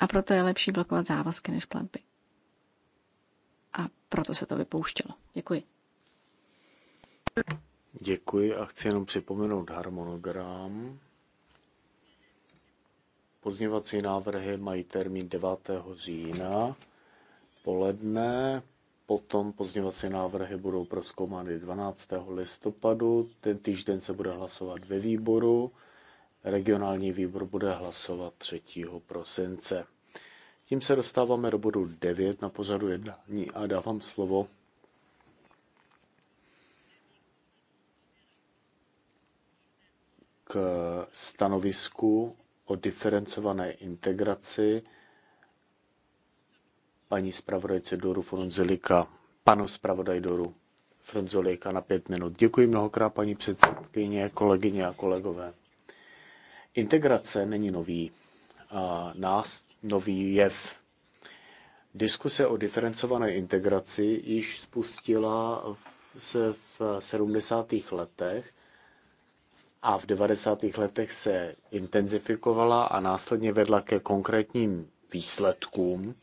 A proto je lepší blokovat závazky než platby. A proto se to vypouštělo. Děkuji. Děkuji a chci jenom připomenout harmonogram. Pozněvací návrhy mají termín 9. října poledne, potom pozněvací návrhy budou proskoumány 12. listopadu, ten týžden se bude hlasovat ve výboru Regionální výbor bude hlasovat 3. prosince. Tím se dostáváme do bodu 9 na pořadu jednání a dávám slovo k stanovisku o diferencované integraci paní zpravodajce Doru Fronzolika, panu zpravodaj Doru Fronzolika na pět minut. Děkuji mnohokrát, paní předsedkyně, kolegyně a kolegové. Integrace není nový nás, nový jev. Diskuse o diferencované integraci již spustila se v 70. letech a v 90. letech se intenzifikovala a následně vedla ke konkrétním výsledkům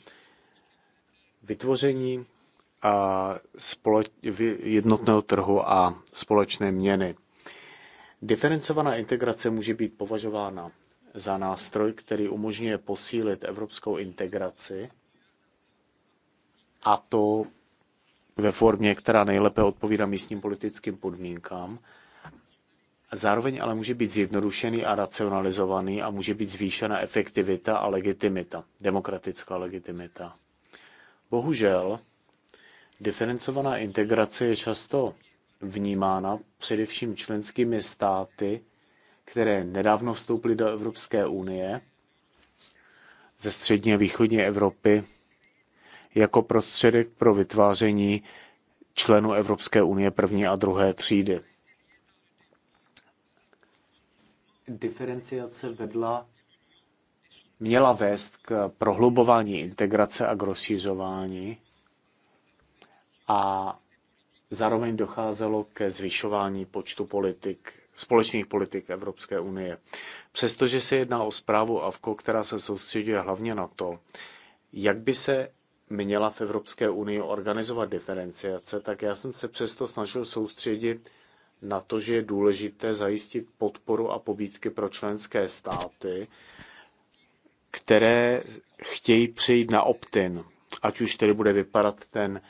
vytvoření a společ- jednotného trhu a společné měny. Diferencovaná integrace může být považována za nástroj, který umožňuje posílit evropskou integraci a to ve formě, která nejlépe odpovídá místním politickým podmínkám. Zároveň ale může být zjednodušený a racionalizovaný a může být zvýšena efektivita a legitimita, demokratická legitimita. Bohužel, diferencovaná integrace je často vnímána především členskými státy, které nedávno vstoupily do Evropské unie ze střední a východní Evropy jako prostředek pro vytváření členů Evropské unie první a druhé třídy. Diferenciace vedla, měla vést k prohlubování integrace a k rozšířování a Zároveň docházelo ke zvyšování počtu politik, společných politik Evropské unie. Přestože se jedná o zprávu AVKO, která se soustředuje hlavně na to, jak by se měla v Evropské unii organizovat diferenciace, tak já jsem se přesto snažil soustředit na to, že je důležité zajistit podporu a pobídky pro členské státy, které chtějí přejít na optin, ať už tedy bude vypadat ten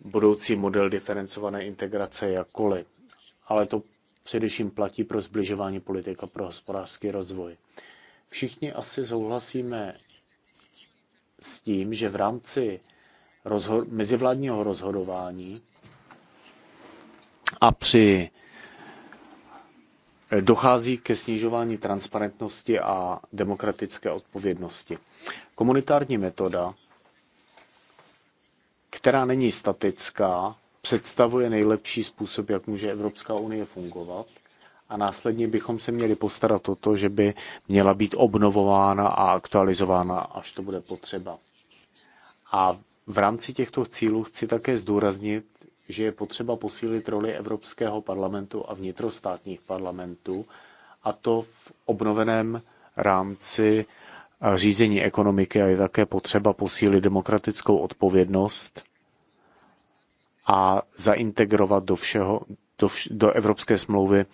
budoucí model diferencované integrace jakkoliv, ale to především platí pro zbližování politika pro hospodářský rozvoj. Všichni asi souhlasíme s tím, že v rámci rozho- mezivládního rozhodování a při eh, dochází ke snižování transparentnosti a demokratické odpovědnosti. Komunitární metoda která není statická, představuje nejlepší způsob, jak může Evropská unie fungovat. A následně bychom se měli postarat o to, že by měla být obnovována a aktualizována, až to bude potřeba. A v rámci těchto cílů chci také zdůraznit, že je potřeba posílit roli Evropského parlamentu a vnitrostátních parlamentů, a to v obnoveném rámci řízení ekonomiky a je také potřeba posílit demokratickou odpovědnost a zaintegrovat do všeho, do, vš- do evropské smlouvy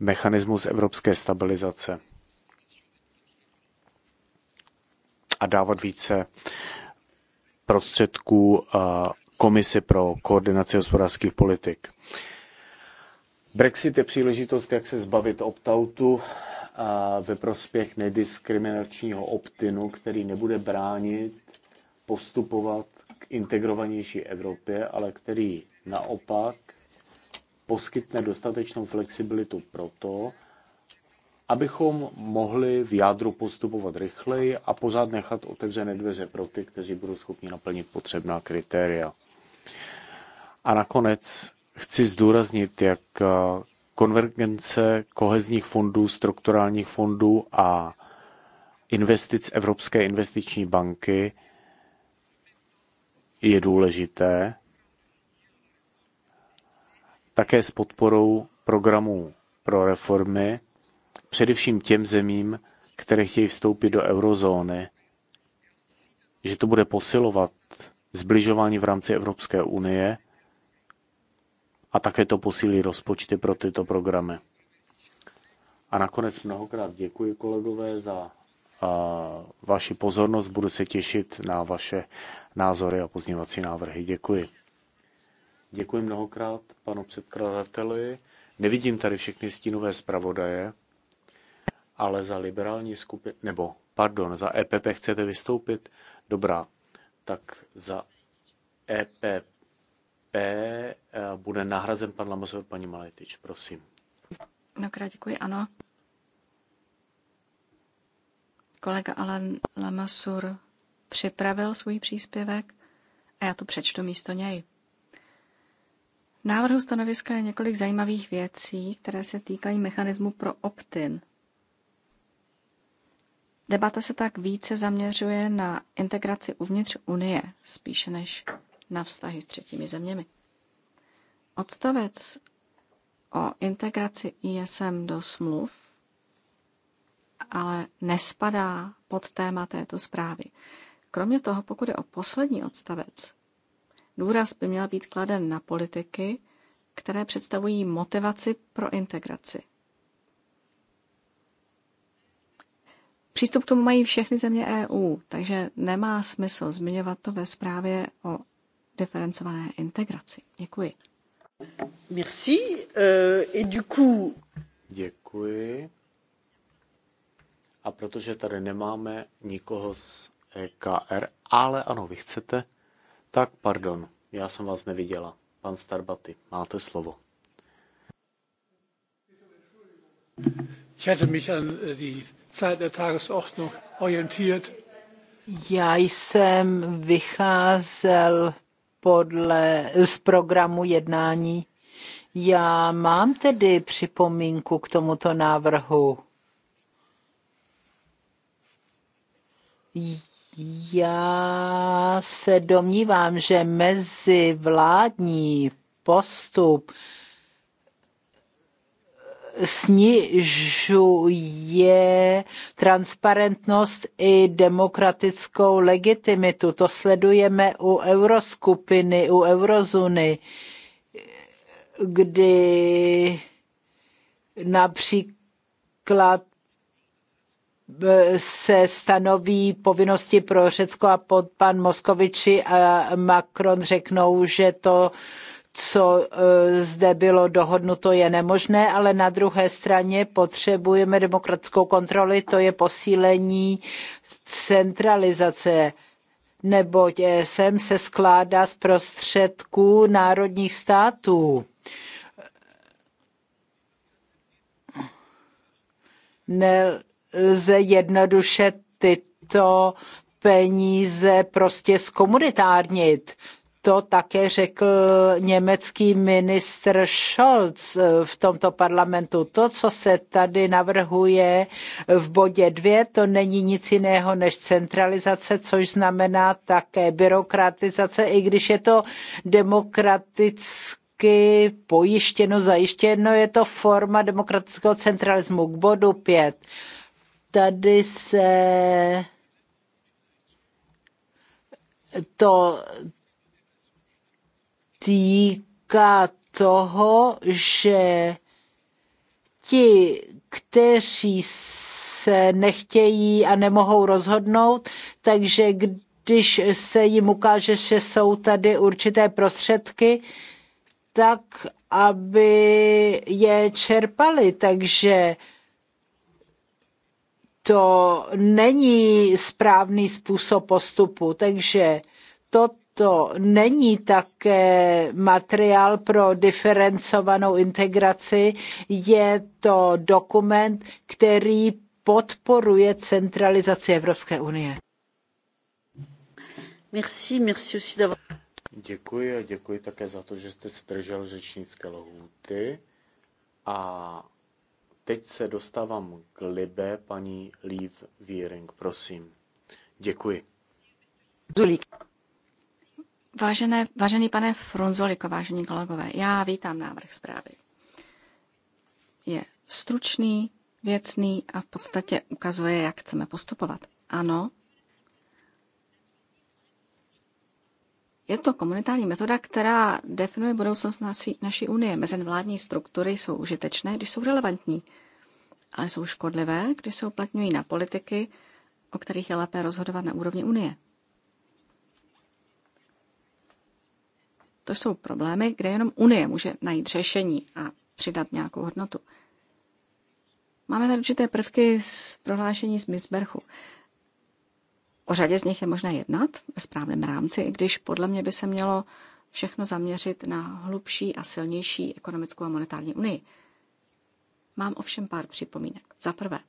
mechanismus evropské stabilizace a dávat více prostředků komisi pro koordinaci hospodářských politik. Brexit je příležitost, jak se zbavit opt-outu ve prospěch nediskriminačního optinu, který nebude bránit postupovat k integrovanější Evropě, ale který naopak poskytne dostatečnou flexibilitu pro to, abychom mohli v jádru postupovat rychleji a pořád nechat otevřené dveře pro ty, kteří budou schopni naplnit potřebná kritéria. A nakonec chci zdůraznit, jak konvergence kohezních fondů, strukturálních fondů a investic Evropské investiční banky je důležité. Také s podporou programů pro reformy, především těm zemím, které chtějí vstoupit do eurozóny, že to bude posilovat zbližování v rámci Evropské unie – a také to posílí rozpočty pro tyto programy. A nakonec mnohokrát děkuji kolegové za vaši pozornost. Budu se těšit na vaše názory a pozněvací návrhy. Děkuji. Děkuji mnohokrát panu předkladateli. Nevidím tady všechny stínové zpravodaje, ale za liberální skupinu, nebo pardon, za EPP chcete vystoupit? Dobrá, tak za EPP B eh, bude nahrazen pan Lamazov, paní Maletič, prosím. Mnohokrát děkuji, ano. Kolega Alan Lamasur připravil svůj příspěvek a já to přečtu místo něj. V návrhu stanoviska je několik zajímavých věcí, které se týkají mechanismu pro optin. Debata se tak více zaměřuje na integraci uvnitř Unie, spíše než na vztahy s třetími zeměmi. Odstavec o integraci ISM do smluv ale nespadá pod téma této zprávy. Kromě toho, pokud je o poslední odstavec, důraz by měl být kladen na politiky, které představují motivaci pro integraci. Přístup k tomu mají všechny země EU, takže nemá smysl zmiňovat to ve zprávě o diferencované integraci. Děkuji. Merci. Uh, et du coup... Děkuji. A protože tady nemáme nikoho z EKR, ale ano, vy chcete, tak pardon, já jsem vás neviděla. Pan Starbaty, máte slovo. Já jsem vycházel podle, z programu jednání. Já mám tedy připomínku k tomuto návrhu. Já se domnívám, že mezi vládní postup snižuje transparentnost i demokratickou legitimitu. To sledujeme u euroskupiny, u eurozóny, kdy například e, se stanoví povinnosti pro Řecko a pod pan Moskoviči a Macron řeknou, že to co eh, zde bylo dohodnuto, je nemožné, ale na druhé straně potřebujeme demokratickou kontroli, to je posílení centralizace neboť ESM se skládá z prostředků národních států. Nelze jednoduše tyto peníze prostě zkomunitárnit to také řekl německý ministr Scholz eh, v tomto parlamentu. To, co se tady navrhuje v bodě dvě, to není nic jiného než centralizace, což znamená také byrokratizace, i když je to demokratické pojištěno, zajištěno, je to forma demokratického centralismu k bodu 5. Tady se to týká toho, že ti, kteří se nechtějí a nemohou rozhodnout, takže když se jim ukáže, že jsou tady určité prostředky, tak aby je čerpali. Takže to není správný způsob postupu. Takže to to není také materiál pro diferencovanou integraci, je to dokument, který podporuje centralizaci Evropské unie. Merci, merci aussi Děkuji a děkuji také za to, že jste se držel řečnické lhůty. A teď se dostávám k libe paní Liv Viering, prosím. Děkuji. Zulík. Vážené, vážený pane Frunzoliko, vážení kolegové, já vítám návrh zprávy. Je stručný, věcný a v podstatě ukazuje, jak chceme postupovat. Ano, Je to komunitární metoda, která definuje budoucnost naší, naší unie. Mezinvládní struktury jsou užitečné, když jsou relevantní, ale jsou škodlivé, když se uplatňují na politiky, o kterých je lépe rozhodovat na úrovni unie. To jsou problémy, kde jenom Unie může najít řešení a přidat nějakou hodnotu. Máme tady určité prvky z prohlášení z Misberchu. O řadě z nich je možné jednat ve správném rámci, i když podle mě by se mělo všechno zaměřit na hlubší a silnější ekonomickou a monetární unii. Mám ovšem pár připomínek. Za prvé,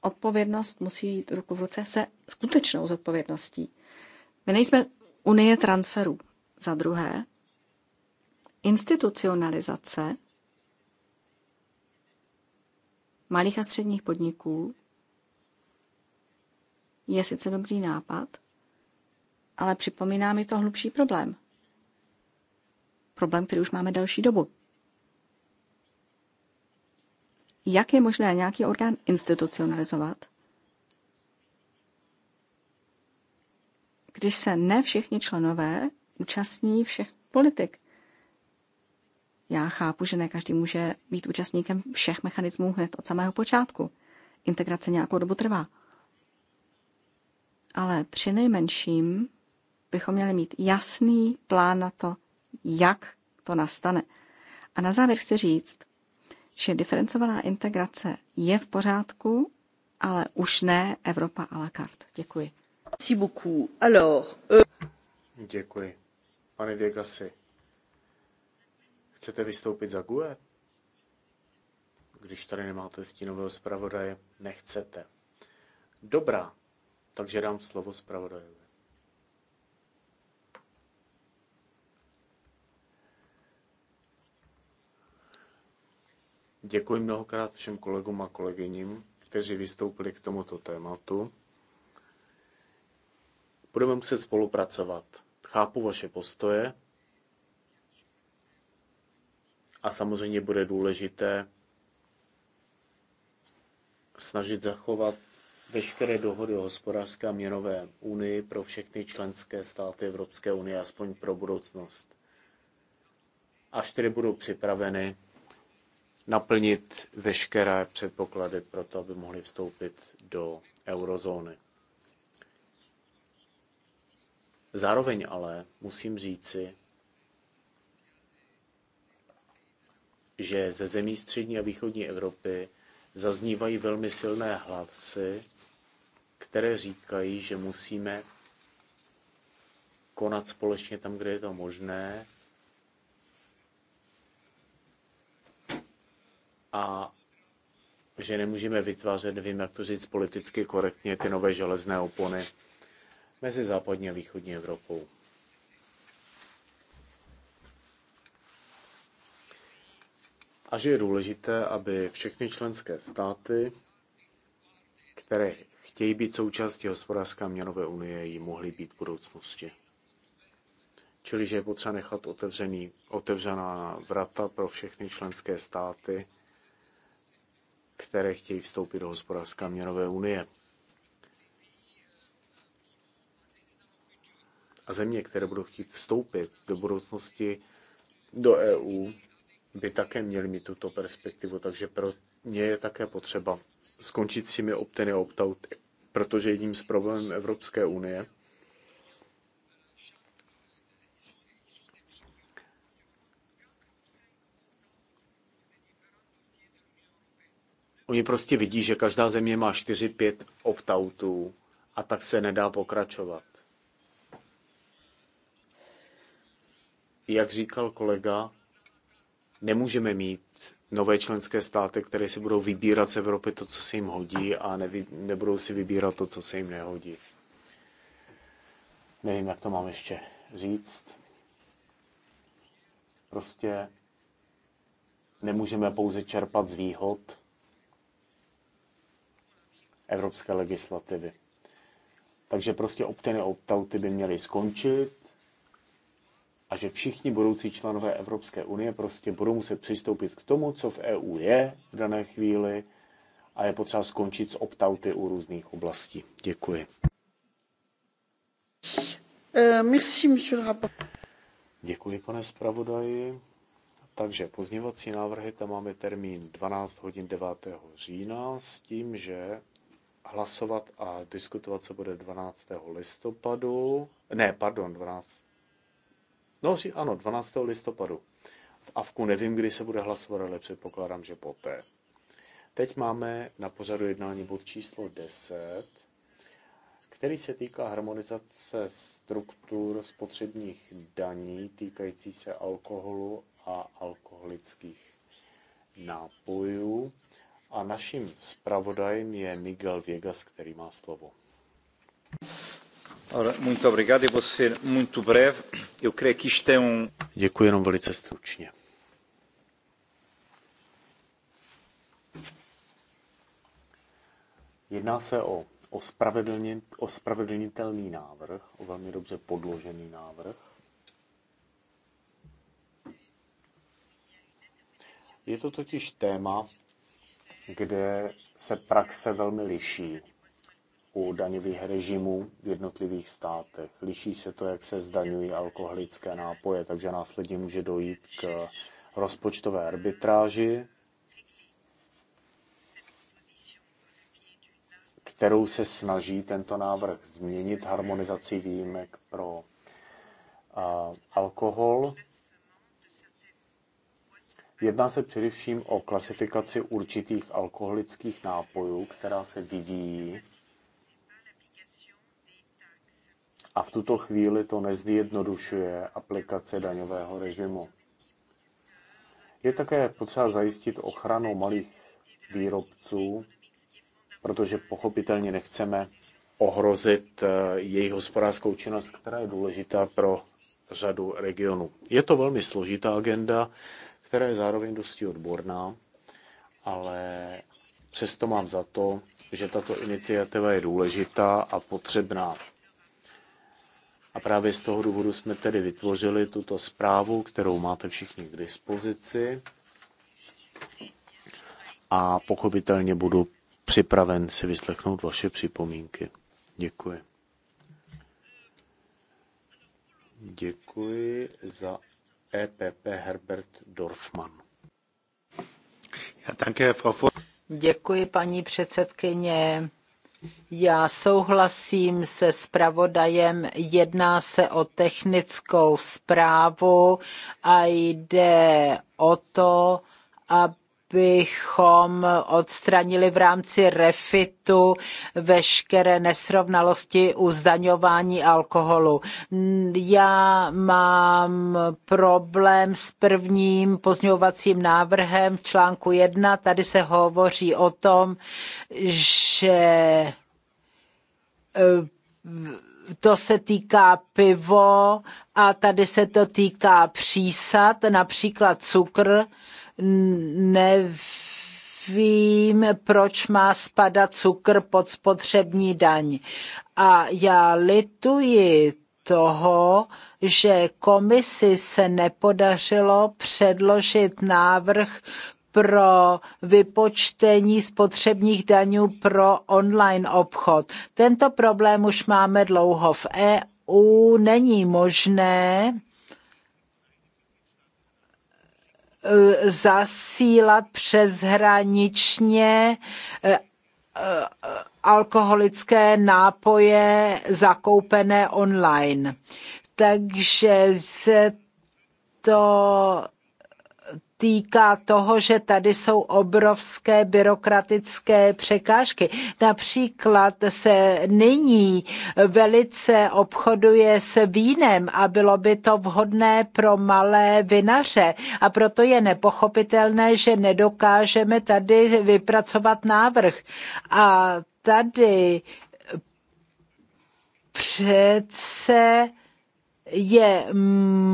odpovědnost musí jít ruku v ruce se skutečnou zodpovědností. My nejsme unie transferů. Za druhé, institucionalizace malých a středních podniků je sice dobrý nápad, ale připomíná mi to hlubší problém. Problém, který už máme delší dobu jak je možné nějaký orgán institucionalizovat, když se ne všichni členové účastní všech politik. Já chápu, že ne každý může být účastníkem všech mechanismů hned od samého počátku. Integrace nějakou dobu trvá. Ale při nejmenším bychom měli mít jasný plán na to, jak to nastane. A na závěr chci říct, že diferencovaná integrace je v pořádku, ale už ne Evropa à la carte. Děkuji. Merci beaucoup. Alors, euh... Děkuji. Pane Degasi, chcete vystoupit za GUE? Když tady nemáte stínového zpravodaje, nechcete. Dobrá, takže dám slovo zpravodajovi. Děkuji mnohokrát všem kolegům a kolegyním, kteří vystoupili k tomuto tématu. Budeme muset spolupracovat. Chápu vaše postoje a samozřejmě bude důležité snažit zachovat veškeré dohody o hospodářské a měnové unii pro všechny členské státy Evropské unie, aspoň pro budoucnost. Až tedy budou připraveny naplnit veškeré předpoklady pro to, aby mohli vstoupit do eurozóny. Zároveň ale musím říci, že ze zemí střední a východní Evropy zaznívají velmi silné hlasy, které říkají, že musíme konat společně tam, kde je to možné, a že nemůžeme vytvářet, nevím, jak to říct politicky korektně, ty nové železné opony mezi západní a východní Evropou. A že je důležité, aby všechny členské státy, které chtějí být součástí hospodářské měnové unie, ji mohly být v budoucnosti. Čili, že je potřeba nechat otevřený, otevřená vrata pro všechny členské státy, které chtějí vstoupit do hospodářské měnové unie. A země, které budou chtít vstoupit do budoucnosti do EU, by také měly mít tuto perspektivu. Takže pro ně je také potřeba skončit s těmi opt-in a opt-out, protože jedním z problémů Evropské unie Oni prostě vidí, že každá země má 4-5 optautů a tak se nedá pokračovat. Jak říkal kolega, nemůžeme mít nové členské státy, které si budou vybírat z Evropy to, co se jim hodí a nevy, nebudou si vybírat to, co se jim nehodí. Nevím, jak to mám ještě říct. Prostě nemůžeme pouze čerpat z výhod, evropské legislativy. Takže prostě obtěny optauty by měly skončit a že všichni budoucí členové Evropské unie prostě budou muset přistoupit k tomu, co v EU je v dané chvíli a je potřeba skončit s optauty u různých oblastí. Děkuji. Eh, Děkuji, pane zpravodaji. Takže pozněvací návrhy, tam máme termín 12 hodin 9. října s tím, že hlasovat a diskutovat se bude 12. listopadu. Ne, pardon, 12. No, ano, 12. listopadu. V Avku nevím, kdy se bude hlasovat, ale předpokládám, že poté. Teď máme na pořadu jednání bod číslo 10, který se týká harmonizace struktur spotřebních daní týkající se alkoholu a alkoholických nápojů. A naším zpravodajem je Miguel Viegas, který má slovo. E um- Děkuji jenom velice stručně. Jedná se o ospravedlnitelný návrh, o velmi dobře podložený návrh. Je to totiž téma, kde se praxe velmi liší u daňových režimů v jednotlivých státech. Liší se to, jak se zdaňují alkoholické nápoje, takže následně může dojít k rozpočtové arbitráži, kterou se snaží tento návrh změnit harmonizací výjimek pro alkohol. Jedná se především o klasifikaci určitých alkoholických nápojů, která se vyvíjí. A v tuto chvíli to nezjednodušuje aplikace daňového režimu. Je také potřeba zajistit ochranu malých výrobců, protože pochopitelně nechceme ohrozit eh, jejich hospodářskou činnost, která je důležitá pro řadu regionů. Je to velmi složitá agenda, která je zároveň dosti odborná, ale přesto mám za to, že tato iniciativa je důležitá a potřebná. A právě z toho důvodu jsme tedy vytvořili tuto zprávu, kterou máte všichni k dispozici. A pochopitelně budu připraven si vyslechnout vaše připomínky. Děkuji. Děkuji za EPP Herbert Dorfman. Děkuji, paní předsedkyně. Já souhlasím se zpravodajem, jedná se o technickou zprávu a jde o to, aby abychom odstranili v rámci refitu veškeré nesrovnalosti u zdaňování alkoholu. Já mám problém s prvním pozňovacím návrhem v článku 1. Tady se hovoří o tom, že eh, to se týká pivo a tady se to týká přísad, například cukr nevím, proč má spadat cukr pod spotřební daň. A já lituji toho, že komisi se nepodařilo předložit návrh pro vypočtení spotřebních daňů pro online obchod. Tento problém už máme dlouho v EU. Není možné, Eh, zasílat přeshraničně eh, eh, alkoholické nápoje zakoupené online. Takže se to týká toho, že tady jsou obrovské byrokratické překážky. Například se nyní velice obchoduje s vínem a bylo by to vhodné pro malé vinaře a proto je nepochopitelné, že nedokážeme tady vypracovat návrh. A tady přece je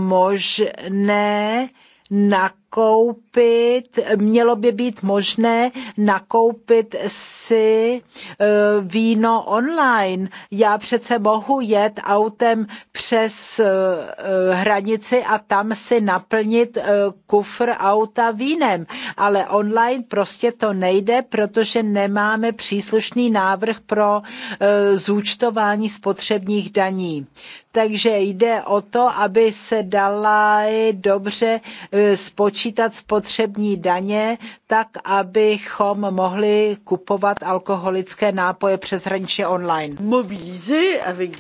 možné nakonec nakoupit mělo by být možné nakoupit si eh, víno online. Já přece mohu jet autem přes eh, hranici a tam si naplnit eh, kufr auta vínem, ale online prostě to nejde, protože nemáme příslušný návrh pro zúčtování spotřebních daní takže jde o to, aby se dala dobře spočítat počítat spotřební daně tak, abychom mohli kupovat alkoholické nápoje přeshraničně online. Mobilizy a vy...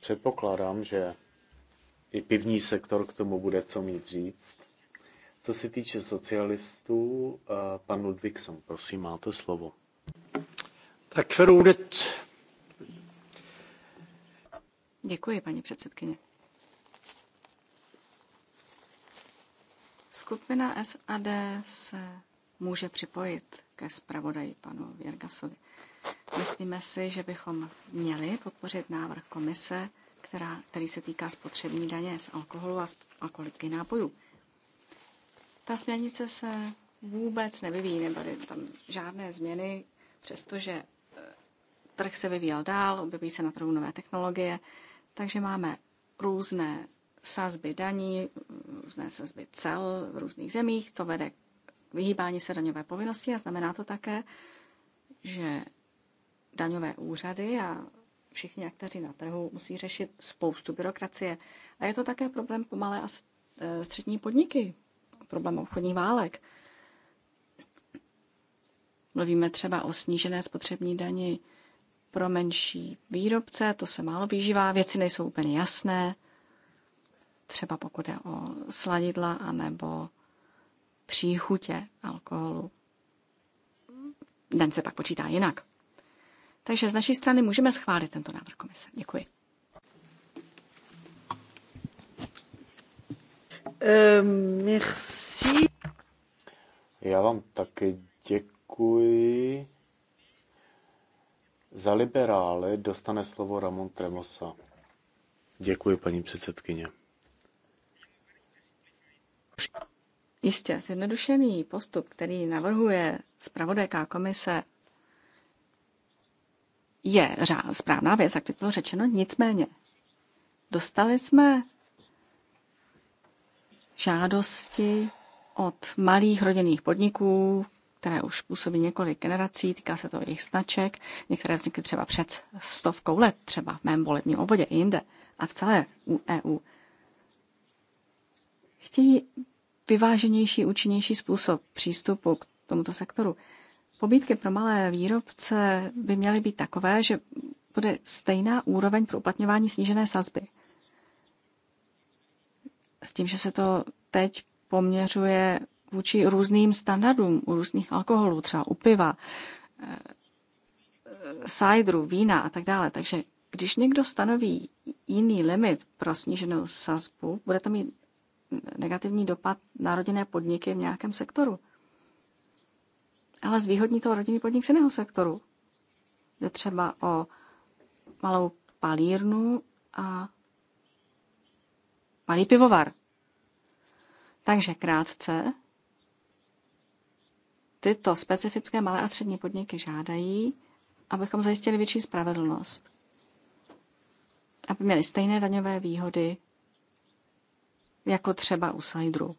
Předpokládám, že i pivní sektor k tomu bude co mít říct. Co se týče socialistů, eh, pan Ludvíkson, prosím, máte slovo. Tak, Děkuji, paní předsedkyně. Skupina SAD se může připojit ke zpravodaji panu Věrgasovi. Myslíme si, že bychom měli podpořit návrh komise, která, který se týká spotřební daně z alkoholu a z alkoholických nápojů. Ta směrnice se vůbec nevyvíjí, nebyly tam žádné změny, přestože e, trh se vyvíjel dál, objeví se na trhu nové technologie, takže máme různé sazby daní, různé sazby cel v různých zemích. To vede k vyhýbání se daňové povinnosti a znamená to také, že daňové úřady a všichni aktéři na trhu musí řešit spoustu byrokracie. A je to také problém pomalé a e, střední podniky, problém obchodních válek. Mluvíme třeba o snížené spotřební dani pro menší výrobce, to se málo vyžívá, věci nejsou úplně jasné třeba pokud je o sladidla anebo příchutě alkoholu. Den se pak počítá jinak. Takže z naší strany můžeme schválit tento návrh komise. Děkuji. Um, merci. Já vám taky děkuji. Za liberály dostane slovo Ramon Tremosa. Děkuji, paní předsedkyně. Jistě, zjednodušený postup, který navrhuje zpravodajká komise, je správná věc, jak teď bylo řečeno, nicméně dostali jsme žádosti od malých rodinných podniků, které už působí několik generací, týká se to jejich značek, některé vznikly třeba před stovkou let, třeba v mém volebním obvodě i jinde a v celé EU. E Chtějí vyváženější, účinnější způsob přístupu k tomuto sektoru. Pobídky pro malé výrobce by měly být takové, že bude stejná úroveň pro uplatňování snížené sazby. S tím, že se to teď poměřuje vůči různým standardům u různých alkoholů, třeba u piva, sajdru, eh, vína a tak dále. Takže když někdo stanoví jiný limit pro sníženou sazbu, bude to mít negativní dopad na rodinné podniky v nějakém sektoru. Ale zvýhodní to rodinný podnik z jiného sektoru. Jde třeba o malou palírnu a malý pivovar. Takže krátce, tyto specifické malé a střední podniky žádají, abychom zajistili větší spravedlnost, aby měli stejné daňové výhody jako třeba u sajdru.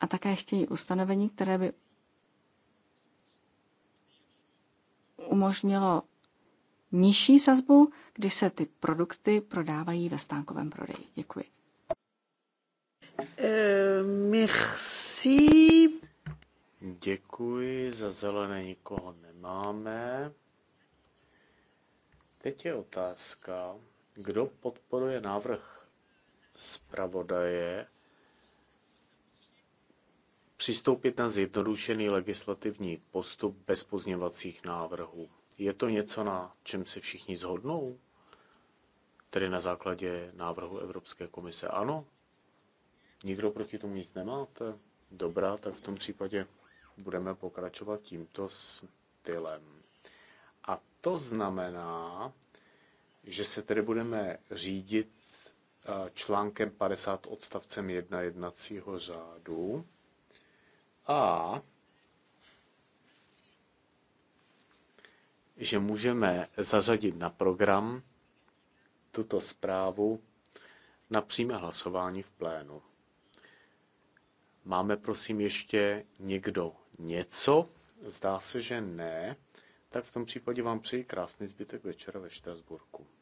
A také chtějí ustanovení, které by umožnilo nižší sazbu, když se ty produkty prodávají ve stánkovém prodeji. Děkuji. Eh, merci. Děkuji, za zelené nikoho nemáme. Teď je otázka, kdo podporuje návrh zpravodaje přistoupit na zjednodušený legislativní postup bez pozněvacích návrhů. Je to něco, na čem se všichni zhodnou? Tedy na základě návrhu Evropské komise? Ano? Nikdo proti tomu nic nemáte? Dobrá, tak v tom případě budeme pokračovat tímto stylem. A to znamená, že se tedy budeme řídit článkem 50 odstavcem 1 jednacího řádu. A že můžeme zařadit na program tuto zprávu na přímé hlasování v plénu. Máme prosím ještě někdo něco? Zdá se, že ne. Tak v tom případě vám přeji krásný zbytek večera ve Štrasburku.